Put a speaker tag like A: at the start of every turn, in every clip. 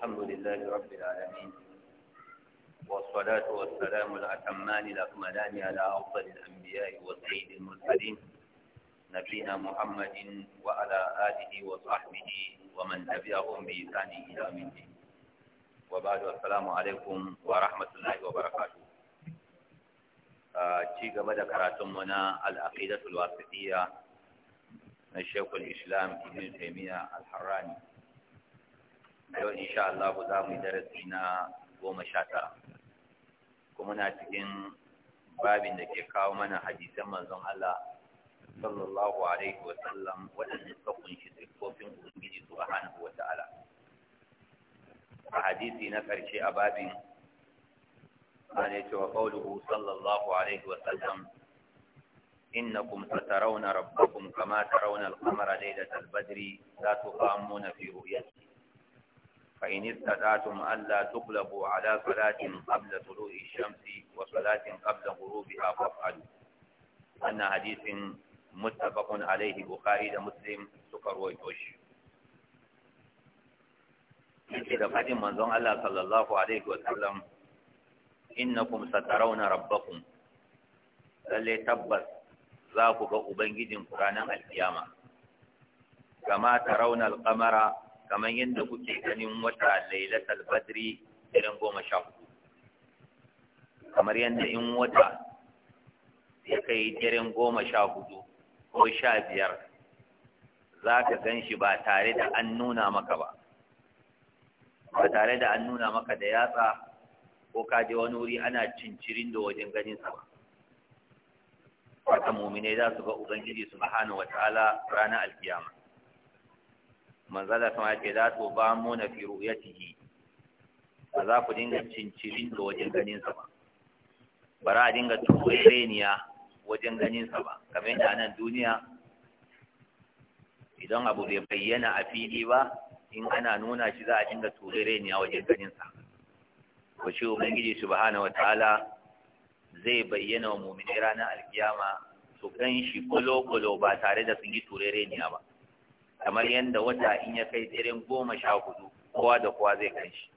A: الحمد لله رب العالمين والصلاة والسلام الأتمان الأكملان على أفضل الأنبياء والسيد المرسلين نبينا محمد وعلى آله وصحبه ومن تبعهم بإحسان إلى يوم الدين وبعد السلام عليكم ورحمة الله وبركاته ci gaba da karatunmu na al'aqidatul wasitiyya na Sheikhul Islam Ibn Taymiyyah Al-Harrani yau insha Allah za mu yi darasi na goma sha tara kuma na cikin babin da ke kawo mana hadisan manzon Allah sallallahu alaihi wa sallam waɗanda suka kunshi siffofin ubangiji subhanahu wa ta'ala a hadisi na ƙarshe a babin قال وقوله صلى الله عليه وسلم إنكم سترون ربكم كما ترون القمر ليلة البدر لا تقامون في رؤيته فإن استطعتم ألا تقلبوا على صلاة قبل طلوع الشمس وصلاة قبل غروبها فافعلوا أن حديث متفق عليه بخاري ومسلم سكر وجوش da fadin manzon Allah sallallahu alaihi wa sallam innakum satarawna rabbakum lalle tabbas za ku ga ubangijin ku ranar alkiyama kama tarawna kamar yadda kuke ganin wata lailatul badri irin goma sha hudu kamar yadda in wata ya kai daren goma sha hudu ko sha biyar za ka gan shi ba tare da an nuna maka ba ba tare da an nuna maka da yatsa ko ka wani wuri ana cincirin da wajen ganinsa sa ba wata muminai za su ga ubangiji subhanahu ala, ranar alkiyama manzala sun ce za su ba mu na fi ciki ba za ku dinga cincirin da wajen ganin ba ba za a dinga reniya wajen ganin ba kamar yadda nan duniya idan abu bai bayyana a fili ba in ana nuna shi za a dinga reniya wajen ganin sa ko shi ubangiji subhanahu wataala zai bayyana wa mu'mini ranar alkiyama su gan shi kolo-kolo ba tare da sun yi tureniya ba kamar yadda wata in ya kai tsirin goma sha hudu kowa da kowa zai kan shi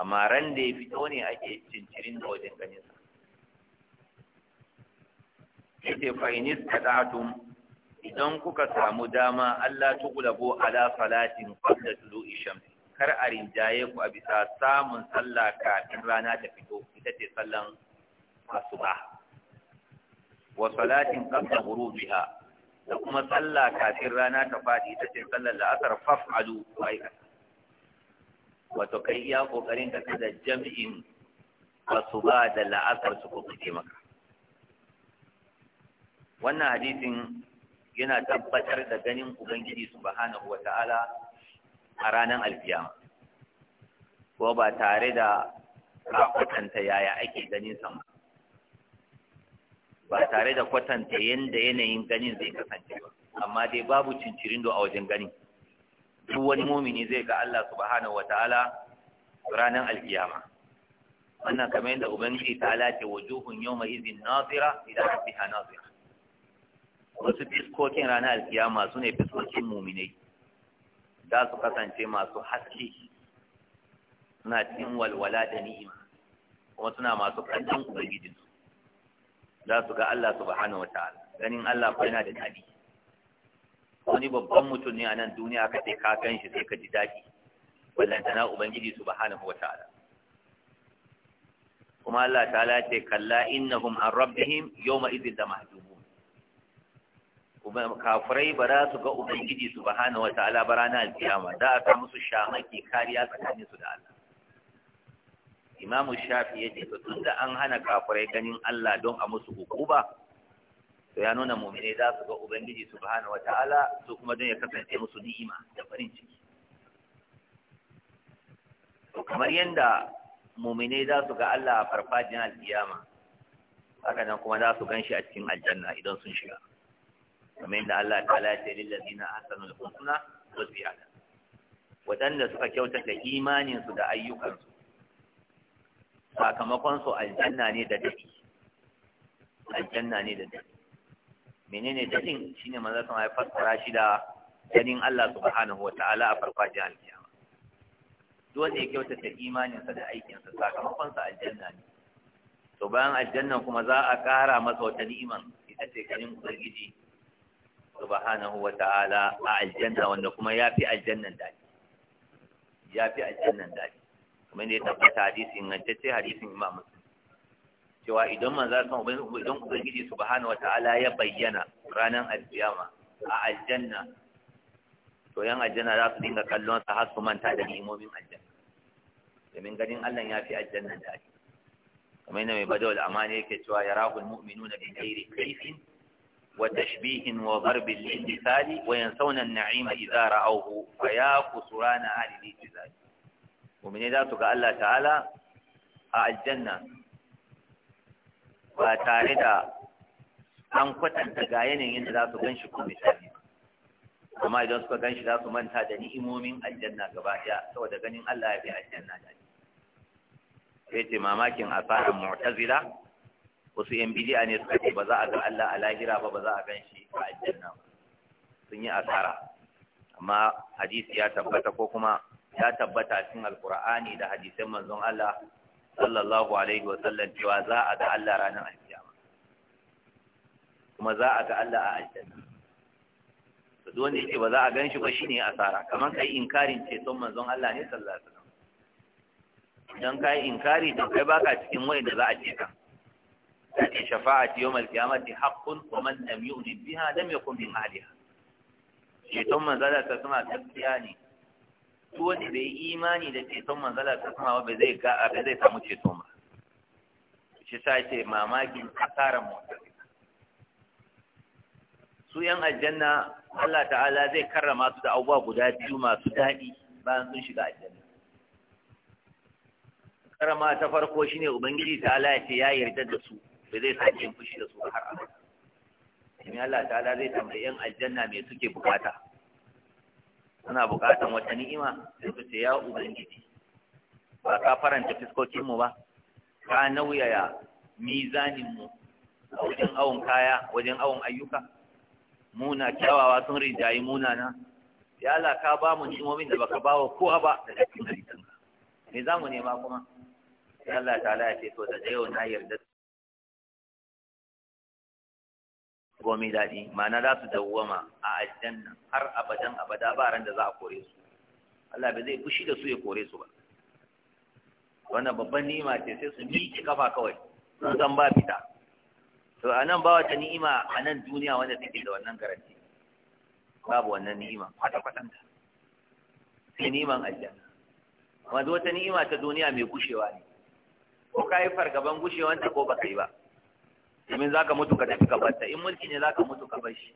A: amma ran da ya fito ne ake cincirin da wajen ganinsa ita fa'inis kadatun idan kuka samu dama Allah ko ala salatin da tulu shamsi kar a rinjaye ku a bisa samun sallah kafin rana ta fito ita ce sallan asuba wa salatin huru biha da kuma tsalla kafin rana ta faɗi ita ce sallar la'asar faf'alu aikata wato kai iya ƙoƙarin ka da jam'in wasu ba da la'asar su kuke maka wannan hadisin yana tabbatar da ganin ubangiji subhanahu wa ta'ala a ranar alfiyama ko ba tare da kwatanta yaya ake ganin sama ba tare da kwatanta yadda yanayin ganin zai kasance ba amma dai babu cincirin cincirindo a wajen gani duk wani mumini zai ga Allah subhanahu wataala ranar alkiyama wannan kamar yadda ubangiji ta alace wujuhun yawma izin nazira ila rabbiha nazira wasu fiskokin ranar alkiyama su ne fiskokin muminai za su kasance masu haske suna cikin walwala da ni'ima kuma suna masu kallon ubangijinsu za su ga Allah subhanahu wataala ganin Allah ko yana da dadi wani babban mutum ne a nan duniya ka ce ka gan shi sai ka ji dadi wallantana ubangiji subhanahu wataala kuma Allah ta'ala ce kalla innahum an rabbihim yawma idhin lamahjubun kuma kafirai ba za su ga ubangiji subhanahu wataala ba ranar kiyama za a sa musu shamaki kariya su da Allah imamu shafi ya ce to tun da an hana kafirai ganin Allah don a musu hukuba to ya nuna mu'mine za su ga ubangiji subhanahu wataala su kuma don ya kasance musu ni'ima da farin ciki to kamar yanda mu'mine za su ga Allah a farfajin alkiyama haka nan kuma za su gan shi a cikin aljanna idan sun shiga kamar yadda Allah ta'ala ya ce lillazina ahsanul husna wa ziyada wadanda suka kyautata imaninsu da ayyukansu sakamakon su aljanna ne da dadi aljanna ne da dadi menene dadin shine manzo sun ya fassara shi da ganin Allah subhanahu ta'ala) a farfajiyar alkiyama duk wanda ya kyautata imaninsa da aikinsa sakamakon sa aljanna ne to bayan aljanna kuma za a kara masa wata ni'iman ita ce ganin ubangiji subhanahu ta'ala, a aljanna wanda kuma yafi aljannan dadi yafi aljannan dadi kamar da ya tabbata hadisi ingantacce hadisin imam muslim cewa idan manzo san idan ubangiji subhanahu wataala ya bayyana ranar alkiyama a aljanna to yan aljanna za su dinga kallon sa har su manta da ni'imomin aljanna domin ganin Allah ya fi aljanna da ake kamar yadda mai badawul amani yake cewa ya rahul mu'minuna bi ghairi kaifin وتشبيه وضرب للمثال وينسون النعيم إذا رأوه فيا خسران أهل الاتزال ne za su ga Allah ta'ala a aljanna ba tare da an kwatanta ga yanayin da za su gan shi ko misali amma idan suka gan shi za su manta da ni'imomin aljanna gaba ɗaya saboda ganin Allah ya bi aljanna da sai ce mamakin a asarar mu'tazila wasu yan bidi'a ne suka ce ba za a ga Allah a lahira ba ba za a gan shi a aljanna ba sun yi asara amma hadisi ya tabbata ko kuma ya tabbata cikin alkur'ani da hadisan manzon Allah sallallahu alaihi wasallam cewa za a ga Allah ranar alkiyama kuma za a ga Allah a aljanna to duk wanda yake ba za a gan shi ba shine asara kamar kai inkarin ceton manzon Allah ne sallallahu alaihi wasallam dan kai inkari to kai baka cikin wanda za a ce ka kace shafa'ati yawmal qiyamati haqqun wa man lam yu'min biha lam yakun min ahliha
B: ceton manzon Allah
A: sallallahu alaihi wasallam gaskiya ne duk bai yi imani da ceton manzala ta sama ba zai ga ba zai samu ceton ba shi sa ce mamakin asaran mutum su yan aljanna Allah ta'ala zai karrama su da abubuwa guda biyu masu daɗi bayan sun shiga aljanna Karama ta farko shine ubangiji ta'ala ya ce ya yarda da su ba zai sake yin fushi da su har abada Allah ta'ala zai tambayi yan aljanna me suke bukata suna buƙatan wata ni'ima sai su ce ya ubangiji ba ka faranta fiskokinmu ba ka nauyaya mizaninmu a wajen awon kaya wajen awon ayyuka muna kyawawa sun rinjayi munana ya Allah ka ba mu ni'imomin da baka bawa kowa ba da cikin halittanka me za mu nema kuma Allah ta'ala ya ce to da yau na yarda Gomi daɗi ma'ana za su dawwama a aljanna har abadan abada ba ran da za a kore su Allah bai zai fushi da su ya kore su ba wannan babban ni'ima ce sai su miƙe kafa kawai sun san ba fita to a nan ba wata ni'ima a nan duniya wanda take da wannan garanti babu wannan ni'ima kwata-kwatanta sai ni'iman aljanna wanda wata ni'ima ta duniya mai gushewa ne ko ka yi fargaban gushewanta ko baka yi ba domin za ka mutu ka tafi ka barta in mulki ne za ka mutu ka bar shi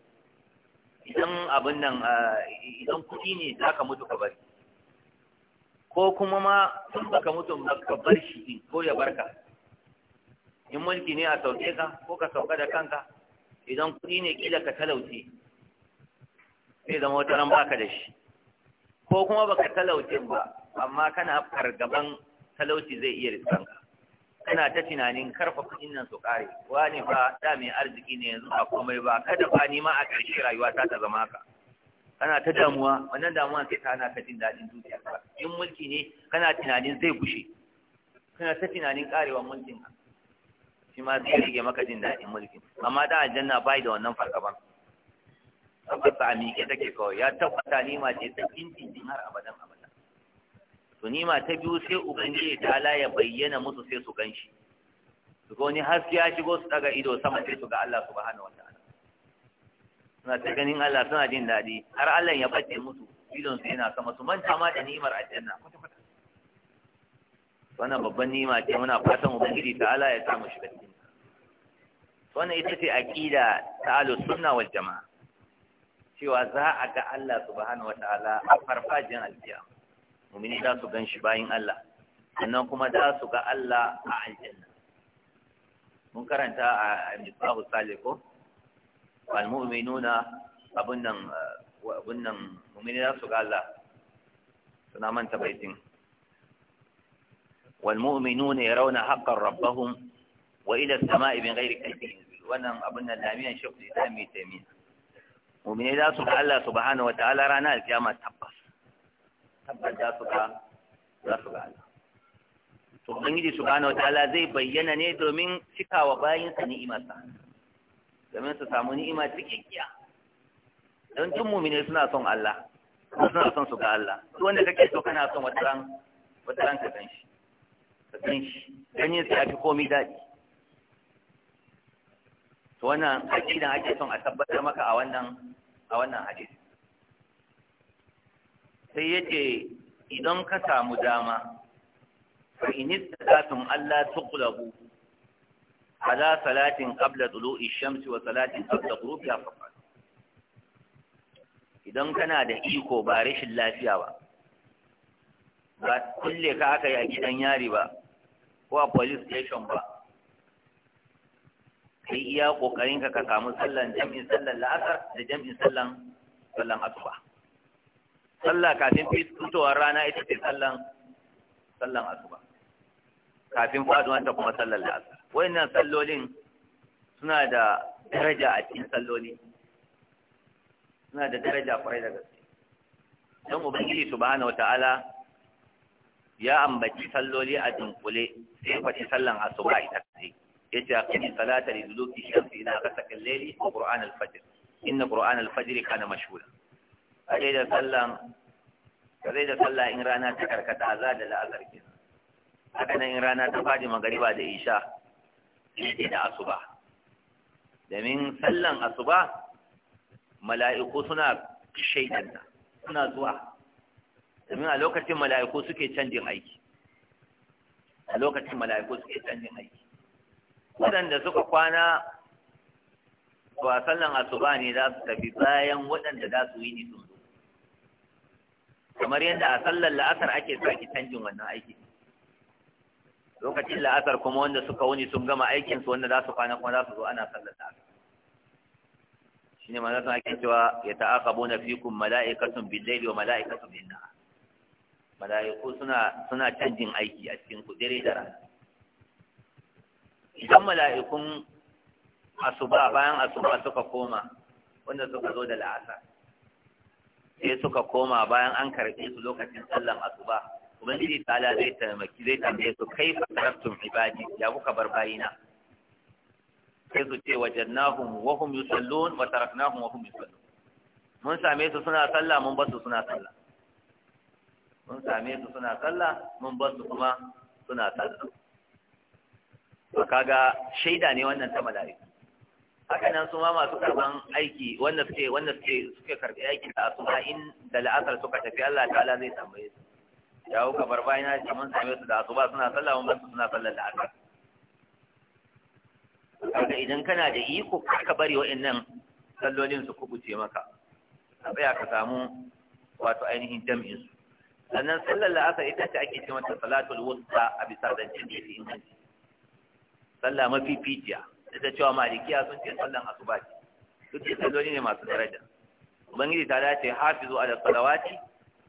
A: idan abin nan idan kuɗi ne za ka mutu ka bar ko kuma ma tun ba ka mutu ka bar shi ko ya barka in mulki ne a sauke ka ko ka sauka da kanka idan kuɗi ne kila ka talauce Sai zama wata ran baka da shi ko kuma baka talauce ba amma kana fargaban talauci zai iya riskanka kana ta tunanin karfa kuɗin nan su kare. wani fa da mai arziki ne yanzu ba komai ba kada ba ni ma a ƙarshe rayuwa ta ta zama Ka kana ta damuwa wannan damuwa sai ta na ka jin daɗin ka in mulki ne kana tunanin zai gushe kana ta tunanin karewa mulkin ka shi ma zai rage maka jin daɗin mulkin amma da aljanna bai da wannan fargaban ba a miƙe take kawai ya tabbata ni ma ce ta kintin har abadan abadan to ta biyu sai ubangiji ta'ala ya bayyana musu sai su ganshi su ga wani haske ya shigo su daga ido sama sai su ga Allah subhanahu wataala suna ta ganin Allah suna jin daɗi har Allah ya bace musu idon su yana sama su manta ma da ni'imar aljanna wannan babban ni'ima ce muna fatan ubangiji ala ya sa mu shiga cikin wannan ita ce aqida ta alu sunna wal jamaa cewa za a ga Allah subhanahu wataala a farfajin alkiyama mumini za su gan shi bayin Allah sannan kuma za su ga Allah a aljanna mun karanta a misbahu salih ko wal mu'minuna abun nan eh, abun nan mumini za su ga Allah suna manta baitin wal mu'minuna yarawna haqqan rabbahum wa ila as-sama'i min ghairi kaydin wannan abun nan lamiyan shekul islam mai taimiya mumini za su ga Allah subhanahu wa ta'ala ranar alkiyama tabbas tabbas za su ga za su ga Allah to ubangiji subhanahu wataala zai bayyana ne domin cikawa bayinsa ni'imarsa domin su samu ni'ima cikakkiya don tun mumine suna son Allah suna son su ga Allah su wanda kake so kana son wataran wataran ka gan shi ka gan shi ganin sa fi komai daɗi to wannan hakikan ake son a tabbatar maka a wannan a wannan hadisi sai ya ce idan ka samu dama fa inista zatun Allah tuqlabu ala salatin qabla tulu'i shamsi wa salatin qabla ya fa idan kana da iko ba rashin lafiya ba ba kulle ka aka yi a gidan yari ba ko a police station ba kai iya kokarin ka ka samu sallan jam'in sallan la'asar da jam'in sallan sallan asuba sallah kafin fitowar rana ita ce sallan sallan asuba kafin faduwan ta kuma sallan la'asar wayannan sallolin suna da daraja a cikin salloli suna da daraja kwarai da gaske don ubangiji subhanahu wata'ala ya ambaci salloli a dunkule sai faɗi sallan asuba ita ce yace aqimi salata li duluki shamsi ila ghasaqi al-layli wa qur'an al-fajr inna qur'an al-fajr kana mashhura Ka da da sallah in rana ta karkata za da la'azar ke haka nan in rana ta fadi magariba da isha ne da asuba domin sallan asuba mala'iku suna shaidanta suna zuwa domin a lokacin mala'iku suke canjin aiki a lokacin mala'iku suke canjin aiki waɗanda suka kwana ba sallan asuba ne za su tafi bayan waɗanda za su yi ni sun zo kamar yadda a sallar la'asar ake saki canjin wannan aiki lokacin la'asar kuma wanda suka wuni sun gama aikinsu wanda za su kwana kuma za su zo ana sallar la'asar shi ne manzansa ake cewa ya ta'aqabu na kun mala'ikatun billaili wa mala'ikatun bin na'a mala'iku suna suna canjin aiki a cikin ku dare da rana idan mala'ikun asuba bayan asuba suka koma wanda suka zo da la'asar sai suka koma bayan an karɓe su lokacin sallan asuba ubangiji ta'ala zai taimaki zai tambaye su kai fa ibadi ya kuka bar bayina sai su ce wajannahum wa hum yusallun wa taraknahum wa hum yusallun mun same su suna sallah mun basu suna sallah mun same su suna sallah mun basu kuma suna sallah kaga shaida ne wannan ta mala'iku haka nan su ma masu karban aiki wanda suke wanda suke suke karbi aiki da su ma in da la'asar suka tafi Allah ta'ala zai tambaye su Ya hu kamar bayan na ce mun same su da ba suna sallah mun su suna sallar la'asar kaga idan kana da iko ka bari wa'annan sallolin su kubuce maka ka tsaya ka samu wato ainihin jami'in su sannan sallar la'asar ita ce ake ce mata salatul wusta a bisa zancen da ya fi inganci sallah mafificiya da cewa malikiya sun ce sallan asuba ce duk da salloli ne masu daraja ubangiji ta dace hafizu ala salawati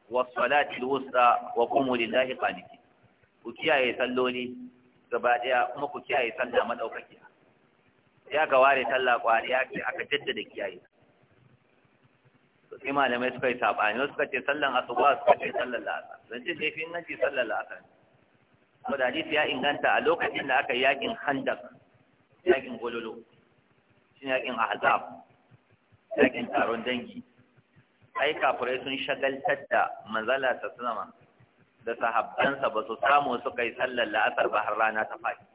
A: wa salati alwusta wa qumu lillahi qanitin ku kiyaye salloli gaba daya kuma ku kiyaye sallah madaukakiya ya ga ware sallah kwariya ke aka jaddada kiyaye sai malamai suka yi saɓani wasu suka ce sallan asuba suka ce sallan la'asar don ce laifin nan ce sallan la'asar ko da hadisi ya inganta a lokacin da aka yi yakin handak yakin gololo shi yakin ahzab yakin taron dangi ai kafirai sun shagaltar da manzala ta sunama da sahabbansa ba su samu su kai sallar la'asar ba har rana ta faɗi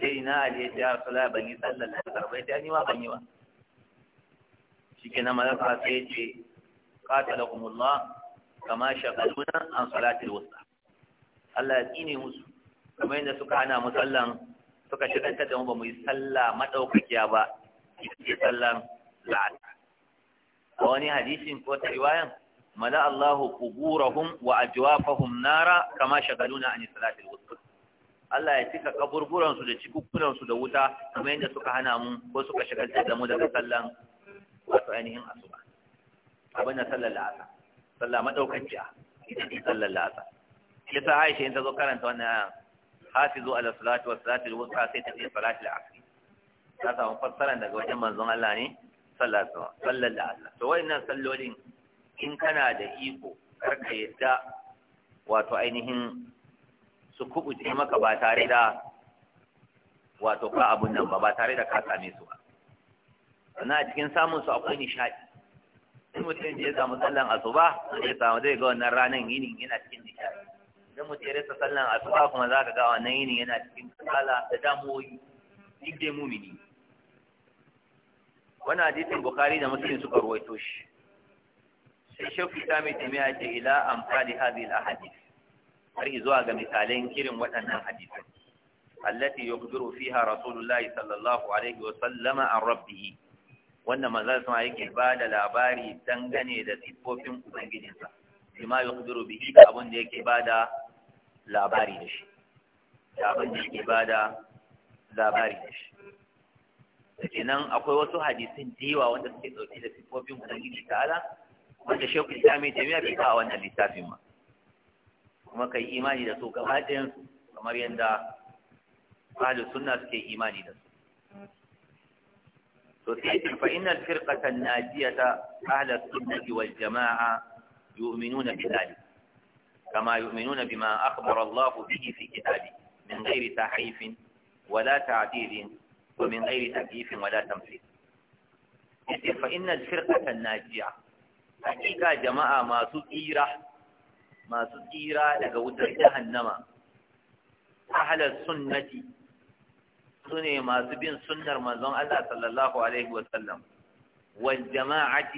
A: sai na aliyu ya rasula ban yi sallar la'asar bai ta yi wa ban yi wa shi ke na malaka sai ce qatalahumullah kama shagaluna an salatul wasu," Allah ya tsine musu kamar yadda suka hana musallan suka shigantar da mu ba mu yi sallah madaukakiya ba ke sallan la'ata a wani hadisin ko ta riwayan mala Allahu quburahum wa ajwafahum nara kama shagaluna an salatil wusta Allah ya cika kaburburan su da cikukkunan su da wuta kamar yadda suka hana mu ko suka shagaltar da mu daga sallan wato ainihin asuba abin da sallar la'asa sallah madaukakiya ita ce sallar la'asa ita Aisha in ta zo karanta wannan hafizu ala salatu wa salatu al wuta sai ta ce salati al-asr ta samu fassara daga wajen manzon Allah ne sallallahu alaihi wasallam sallallahu alaihi to wayannan sallolin in kana da iko kar ka yadda wato ainihin su kubuce maka ba tare da wato ka abun nan ba ba tare da ka same su ba sannan a cikin samun su akwai nishaɗi in mutum ya samu sallan asuba zai samu zai ga wannan ranar yinin yana cikin nishaɗi idan mutum ya rasa sallan asuba kuma za ka ga wannan yini yana cikin kasala da damuwoyi duk dai mumini wannan hadisin bukhari da muslim suka ruwaito shi sai shafi ta mai tamiya ce ila amfani hadhihi al-ahadith har zuwa ga misalan irin waɗannan hadisan allati yukhbiru fiha rasulullahi sallallahu alaihi wa sallama an rabbih wanda manzon sama yake ba da labari dangane da sifofin ubangijinsa bima yukhbiru bihi abin da yake bada labari da shi da abinda da yake labari da shi da nan, akwai wasu hadisin da wanda suke ɗauke da siffofin ubangiji ta'ala wanda shekul islami jami'a bai kawo wannan littafin ma kuma kai imani da su gaba ɗayan su kamar yadda ahlus sunna suke imani da su to sai fa innal firqatan najiyata ahlus sunna wal jama'a yu'minuna bi dhalik كما يؤمنون بما أخبر الله به في كتابه من غير تحريف ولا تعديل ومن غير تكييف ولا تمثيل فإن الفرقة الناجية حقيقة جماعة ما تطيرة ما تطيرة لقودر جهنم أهل السنة سنة ما تبين سنة رمضان الله صلى الله عليه وسلم والجماعة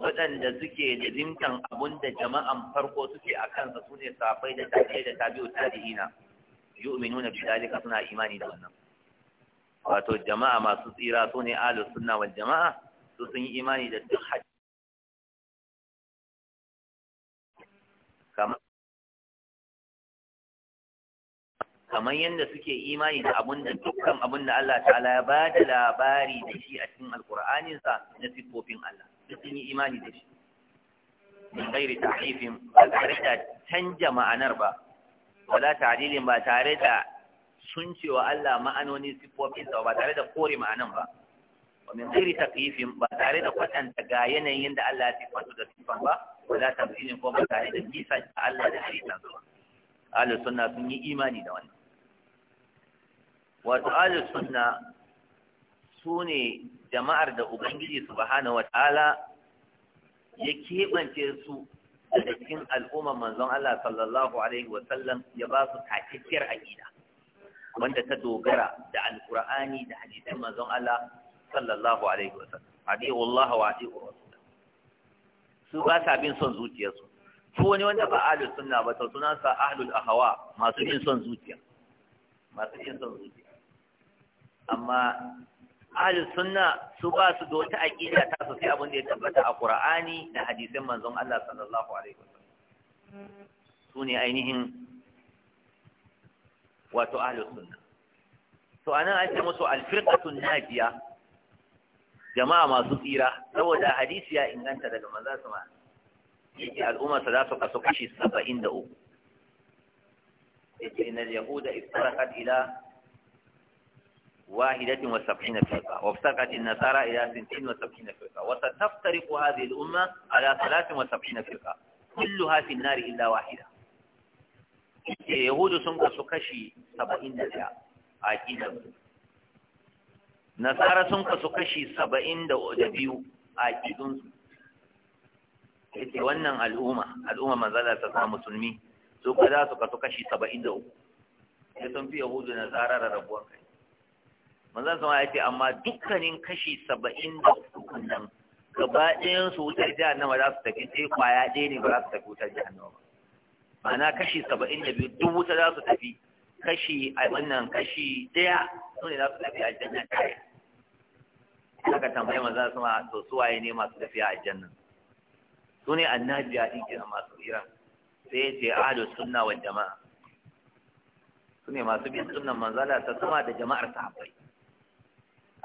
A: waɗanda suke da jimtan abun da jama'an farko suke a kansa su ne safai da tafiye da tabi'u tabi'ina wani bi dalika suna imani da wannan wato jama'a masu tsira su ne alu suna wa jama'a su sun yi imani da duk Hajji. kamar yadda suke imani da abun da dukkan abun da Allah ta'ala ya ba da labari da shi a cikin alkur'aninsa na siffofin Allah duk yi imani da shi min ba tare da canja ma'anar ba wala ta'dilin ba tare da suncewa Allah ma'anoni sifofin sa ba tare da kore ma'anan ba wa min taqifin ba tare da kwatanta ga yanayin da Allah ya sifanta da sifan ba wala tamthilin ko ba tare da kisan Allah da hadisan ba ahlus sunna sun yi imani da wannan wato ahlus sunna su ne jama'ar da ubangiji subhanahu ta'ala ya kebance su daga cikin al'umman manzon Allah sallallahu alaihi wa sallam ya ba su takakkiyar aqida wanda ta dogara da alqur'ani da hadisin manzon Allah sallallahu alaihi wasallam adiyu Allah wa adiyu rasul su ba sa bin son zuciyarsu su wani wanda ba ahlus sunna ba to sunansa ahlul ahwa masu bin son zuciya masu bin son zuciya amma ahli sunna su ba su da wata aqida ta su sai abin da ya tabbata a qur'ani da hadisin manzon Allah sallallahu alaihi wasallam ne ainihin wato ahli sunna to anan an ce musu alfirqatun najiya jama'a masu tsira saboda hadisi ya inganta daga manzon sama yake al'umma sa za su kasu kashi 73 yake inal yahuda iftaraqat ila واحدة وسبعين فرقة وافترقت النصارى إلى سنتين وسبعين فرقة وستفترق هذه الأمة على ثلاث وسبعين فرقة كلها في النار إلا واحدة يهود سنك سكشي سبعين دفع عجينا نصارى سنك سكشي سبعين دبيو عجيدون wannan al'umma al'umma manzala ta samu musulmi su ka za su kasu kashi saba'in da uku sai sun fi yahudu na tsara rarrabuwan kai manzan sama ya ce amma dukkanin kashi saba'in da uku nan gaba ɗayan su wutar jahannama za su tafi sai kwaya ɗaya ne ba za su tafi wutar jahannama ba ma'ana kashi saba'in da biyu duk wuta za su tafi kashi a wannan kashi ɗaya su ne za su tafi aljanna kare haka tambayi manzan sama to su waye ne masu tafiya aljanna su ne annabiya ɗin kenan masu iran sai ya ce ado sunna wal jama'a su ne masu bin sunnan manzala ta sama da jama'ar sahabbai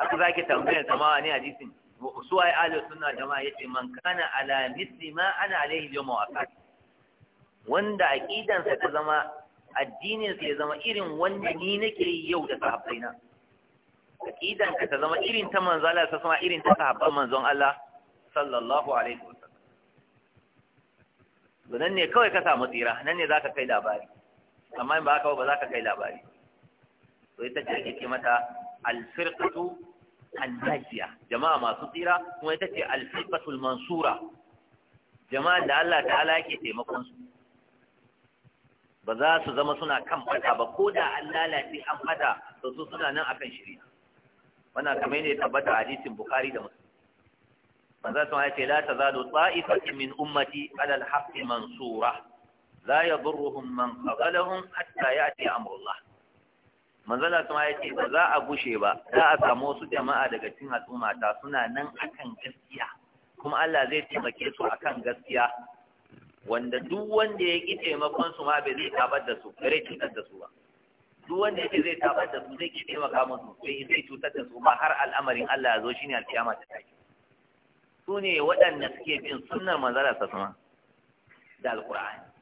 A: Aku zaki tambayar sama ne hadisin su ai ahlus sunna jama'a yace man kana ala misli ma ana alaihi yawm waqat wanda aqidan sa ta zama addinin sa ya zama irin wanda ni nake yi yau da sahabbaina aqidan ka ta zama irin ta manzo Allah sa sama irin ta sahabban manzon Allah sallallahu alaihi wasallam nan ne kawai ka samu tsira nan ne zaka kai labari amma in ba ka ba za ka kai labari to ita ce ake mata al annajiya jama'a masu tsira kuma ita ce alfirqatul mansura jama'a da Allah ta ala yake taimakon su ba za su zama suna kan fada ba ko da an lalace an fada to su suna nan akan shirya wannan kamar ne tabbata hadisin bukhari da muslim manzo sun ce la tazalu ta'ifatun min ummati ala al-haqqi mansura la yadurruhum man qadalahum hatta ya'ti amrullah manzala kuma ya ce ba za a gushe ba za a samu wasu jama'a daga cikin al'umma ta suna nan akan gaskiya kuma Allah zai taimake su akan gaskiya wanda duk wanda ya ki taimakon su ma bai zai tabar da su bare cutar da su ba duk wanda yake zai tabar da su zai ki taimaka musu sai zai cutar da su ba, har al'amarin Allah ya zo shine alkiyama ta take. su ne waɗanda suke bin sunnar manzala sa sama da alkur'ani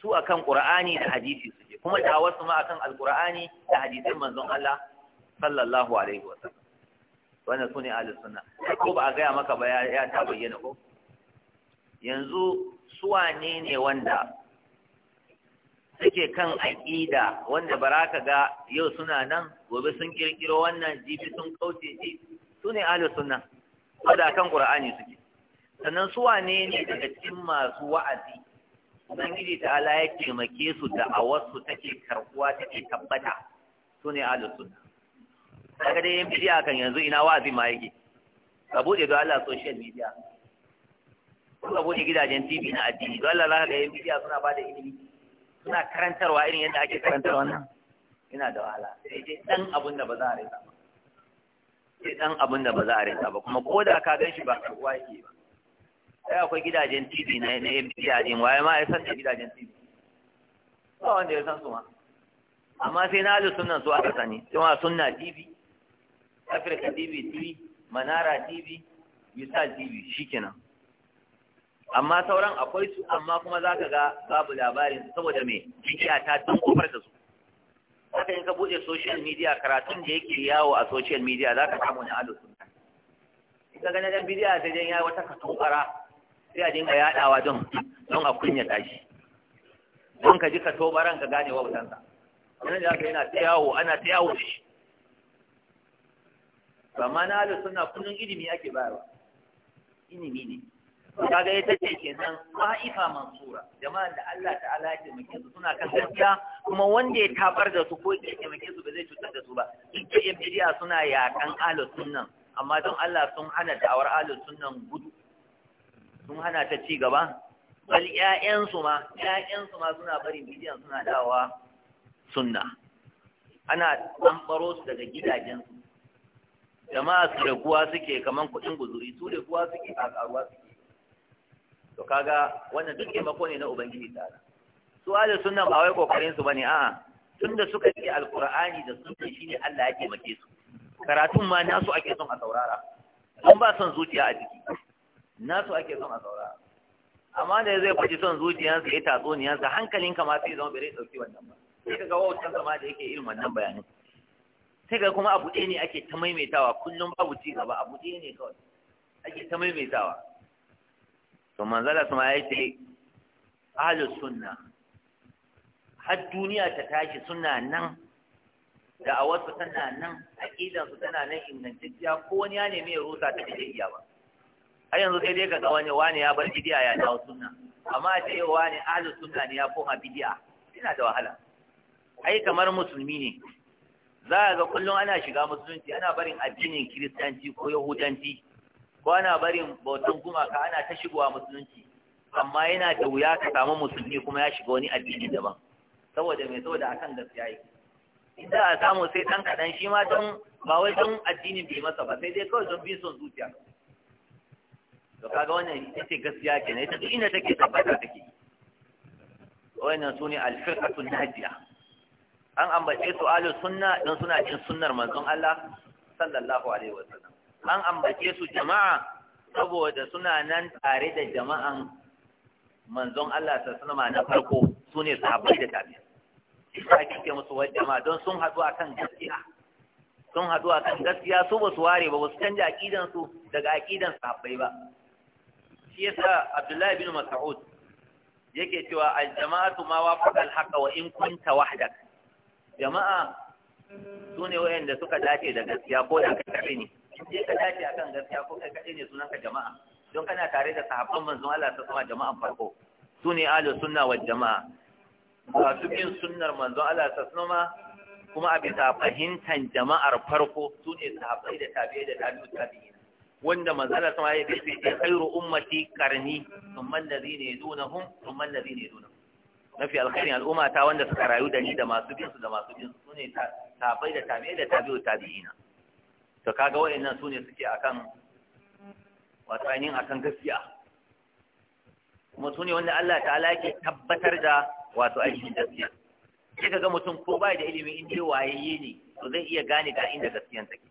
A: su akan qur'ani da hadisi suke kuma da wasu ma akan Al-Qur'ani da hadisin manzon Allah sallallahu alaihi wa sallam wannan sune ahlus sunna ko ba a gaya maka ba ya ta bayyana ko yanzu su wane ne wanda suke kan aƙida wanda ba ga yau suna nan gobe sun kirkiro wannan jifi sun kauce ji su ne sunna ko da kan qur'ani suke sannan su wane ne daga cikin masu wa'azi ubangiji ala ya taimake su da awarsu take karkuwa take tabbata su ne ahlus sunna Daga dai yin bidiya kan yanzu ina wa'azi ma yake ka bude ga Allah social media ko ka bude gidajen TV na addini ga Allah zaka ga yin bidiya suna bada ilimi suna karantarwa irin yadda ake karantarwa nan ina da wahala sai dai dan abun da ba za a rasa ba sai dan abun da ba za a rasa ba kuma ko da ka gan shi ba karkuwa yake ba ai akwai gidajen tv na na MPA din waye ma ya san da gidajen tv ba wanda ya san su ma amma sai na alu sunan su aka sani wa sunna tv Africa tv tv Manara tv Misal tv shikenan amma sauran akwai su amma kuma za ka ga babu labarin saboda me jikiya ta tun kofar da su haka in ka buɗe social media karatun da yake yawo a social media za ka samu na alu sunna in ka gani dan bidiya sai dan yayi wata ƙara. sai a dinga yaɗawa don don a kunya tashi don ka ji ka tobaran ka gane wautansa wani da aka yana ta yawo ana ta yawo Ba ma na halittu suna kullum ilimi ake bayarwa ilimi ne kaga ita ce nan ma'ifa mansura jama'an da Allah ta'ala ya taimake su suna kan gaskiya kuma wanda ya tabar da su ko ya taimake su ba zai cutar da su ba duk da yan suna yakan ahlus amma don Allah sun hana da'awar ahlus gudu sun hana ta ci gaba
B: bal ƴaƴansu
A: ma ƴaƴansu ma suna barin bidiyan suna dawa sunna ana tambaro su daga gidajen su. jama'a su da kuwa suke kaman kuɗin guzuri su da kuwa suke a karuwa suke to kaga wannan duk taimako ne na ubangiji tsara su ala sunna ba wai kokarin su bane a'a tunda suka ji alqur'ani da sunna shine Allah ya taimake su karatun ma nasu ake son a saurara don ba son zuciya a jiki su ake son a saurara amma da zai faɗi son zuciyarsa ya tatso yansa hankalin ka ma sai zama bai ɗauki wannan ba sai ka ga wautan sama da yake irin wannan bayanin sai ga kuma abu ɗaya ne ake ta maimaitawa kullum babu ci gaba abu ɗaya ne kawai ake ta maimaitawa to manzala su ma ya ce ahlus sunna har duniya ta tashi suna nan da a wasu tana nan aƙidansu tana nan ingantacciya ko wani ya nemi ya rusa ta da iya ba a yanzu sai dai ka ga wani wani ya bar bidiya ya dawo sunna amma a ce wani ahlus sunna ne ya koma bidiya ina da wahala ai kamar musulmi ne za a ga kullum ana shiga musulunci ana barin addinin kiristanci ko yahudanci ko ana barin bautan gumaka ana ta shigowa musulunci amma yana da wuya ka samu musulmi kuma ya shiga wani addini daban saboda mai saboda akan gaskiya yake idan a samu sai ɗan kadan shi ma don ba wai don addinin bai masa ba sai dai kawai don bin son zuciya to kaga wannan ita ce gaskiya kenan ita duk inda take tabbata take wannan sune al firqatu najiya an ambace su ahlus sunna don suna cin sunnar manzon Allah sallallahu alaihi wasallam an ambace su jama'a saboda suna nan tare da jama'an manzon Allah sallallahu alaihi wasallam na farko sune sahabbai da tabi'in sai kike musu wajen jama'a don sun haɗu akan gaskiya sun haɗu akan gaskiya su ba su ware ba ba su canja aƙidansu daga aqidan sahabbai ba yasa Abdullahi bin Mas'ud yake cewa al-jama'atu ma wafaqa al wa in kunta wahdak jama'a sune wayanda suka dace da gaskiya ko da kai kadai ne in ka dace akan gaskiya ko kai kadai ne sunanka jama'a don kana tare da sahabban manzon Allah ta kuma jama'an farko sune ahlus sunna wal jama'a ba su bin sunnar manzon Allah ta kuma kuma a bisa fahimtar jama'ar farko sune sahabbai da tabi'ai da tabi'u tabi'i wanda manzala sama ya ce ce khairu ummati qarni thumma alladhina yadunhum thumma alladhina yadunhum mafi alkhairin al'umma ta wanda suka rayu da ni da masu bin su da masu bin su ne tabai da tabi'i da tabi'u tabi'ina to kaga wayannan sune suke akan wato ainihin akan gaskiya kuma sune wanda Allah ta'ala yake tabbatar da wato ainihin gaskiya sai kaga mutum ko bai da ilimin in dai wayayye ne to zai iya gane ga inda gaskiyan take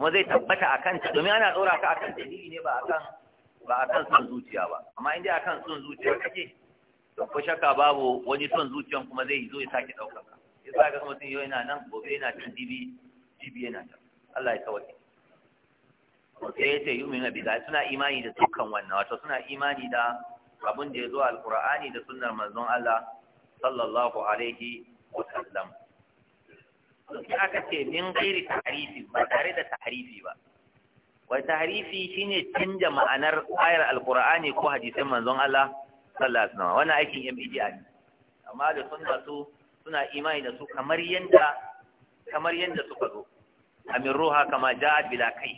A: kuma zai tabbata a kanta domin ana tsora ka kan, dalili ne ba kan ba kan son zuciya ba amma inda a kan son zuciya kake to ko shakka babu wani son zuciyan kuma zai zo ya sake ɗaukar ka ya sa ga sun yi yana nan gobe yana cin dibi dibi yana can Allah ya kawai sai ya ce yumin abi da suna imani da dukkan wannan wato suna imani da abin da ya zo alqur'ani da sunnar manzon Allah sallallahu alaihi wa sallam sai aka ce min gairi tahrifi ba tare da tahrifi ba wai tahrifi shine canja ma'anar ayar alqur'ani ko hadisin manzon Allah sallallahu alaihi wasallam wannan aikin yan bid'a ne amma da sunna su suna imani da su kamar yanda kamar yanda suka zo amin ruha kama ja'at bila kai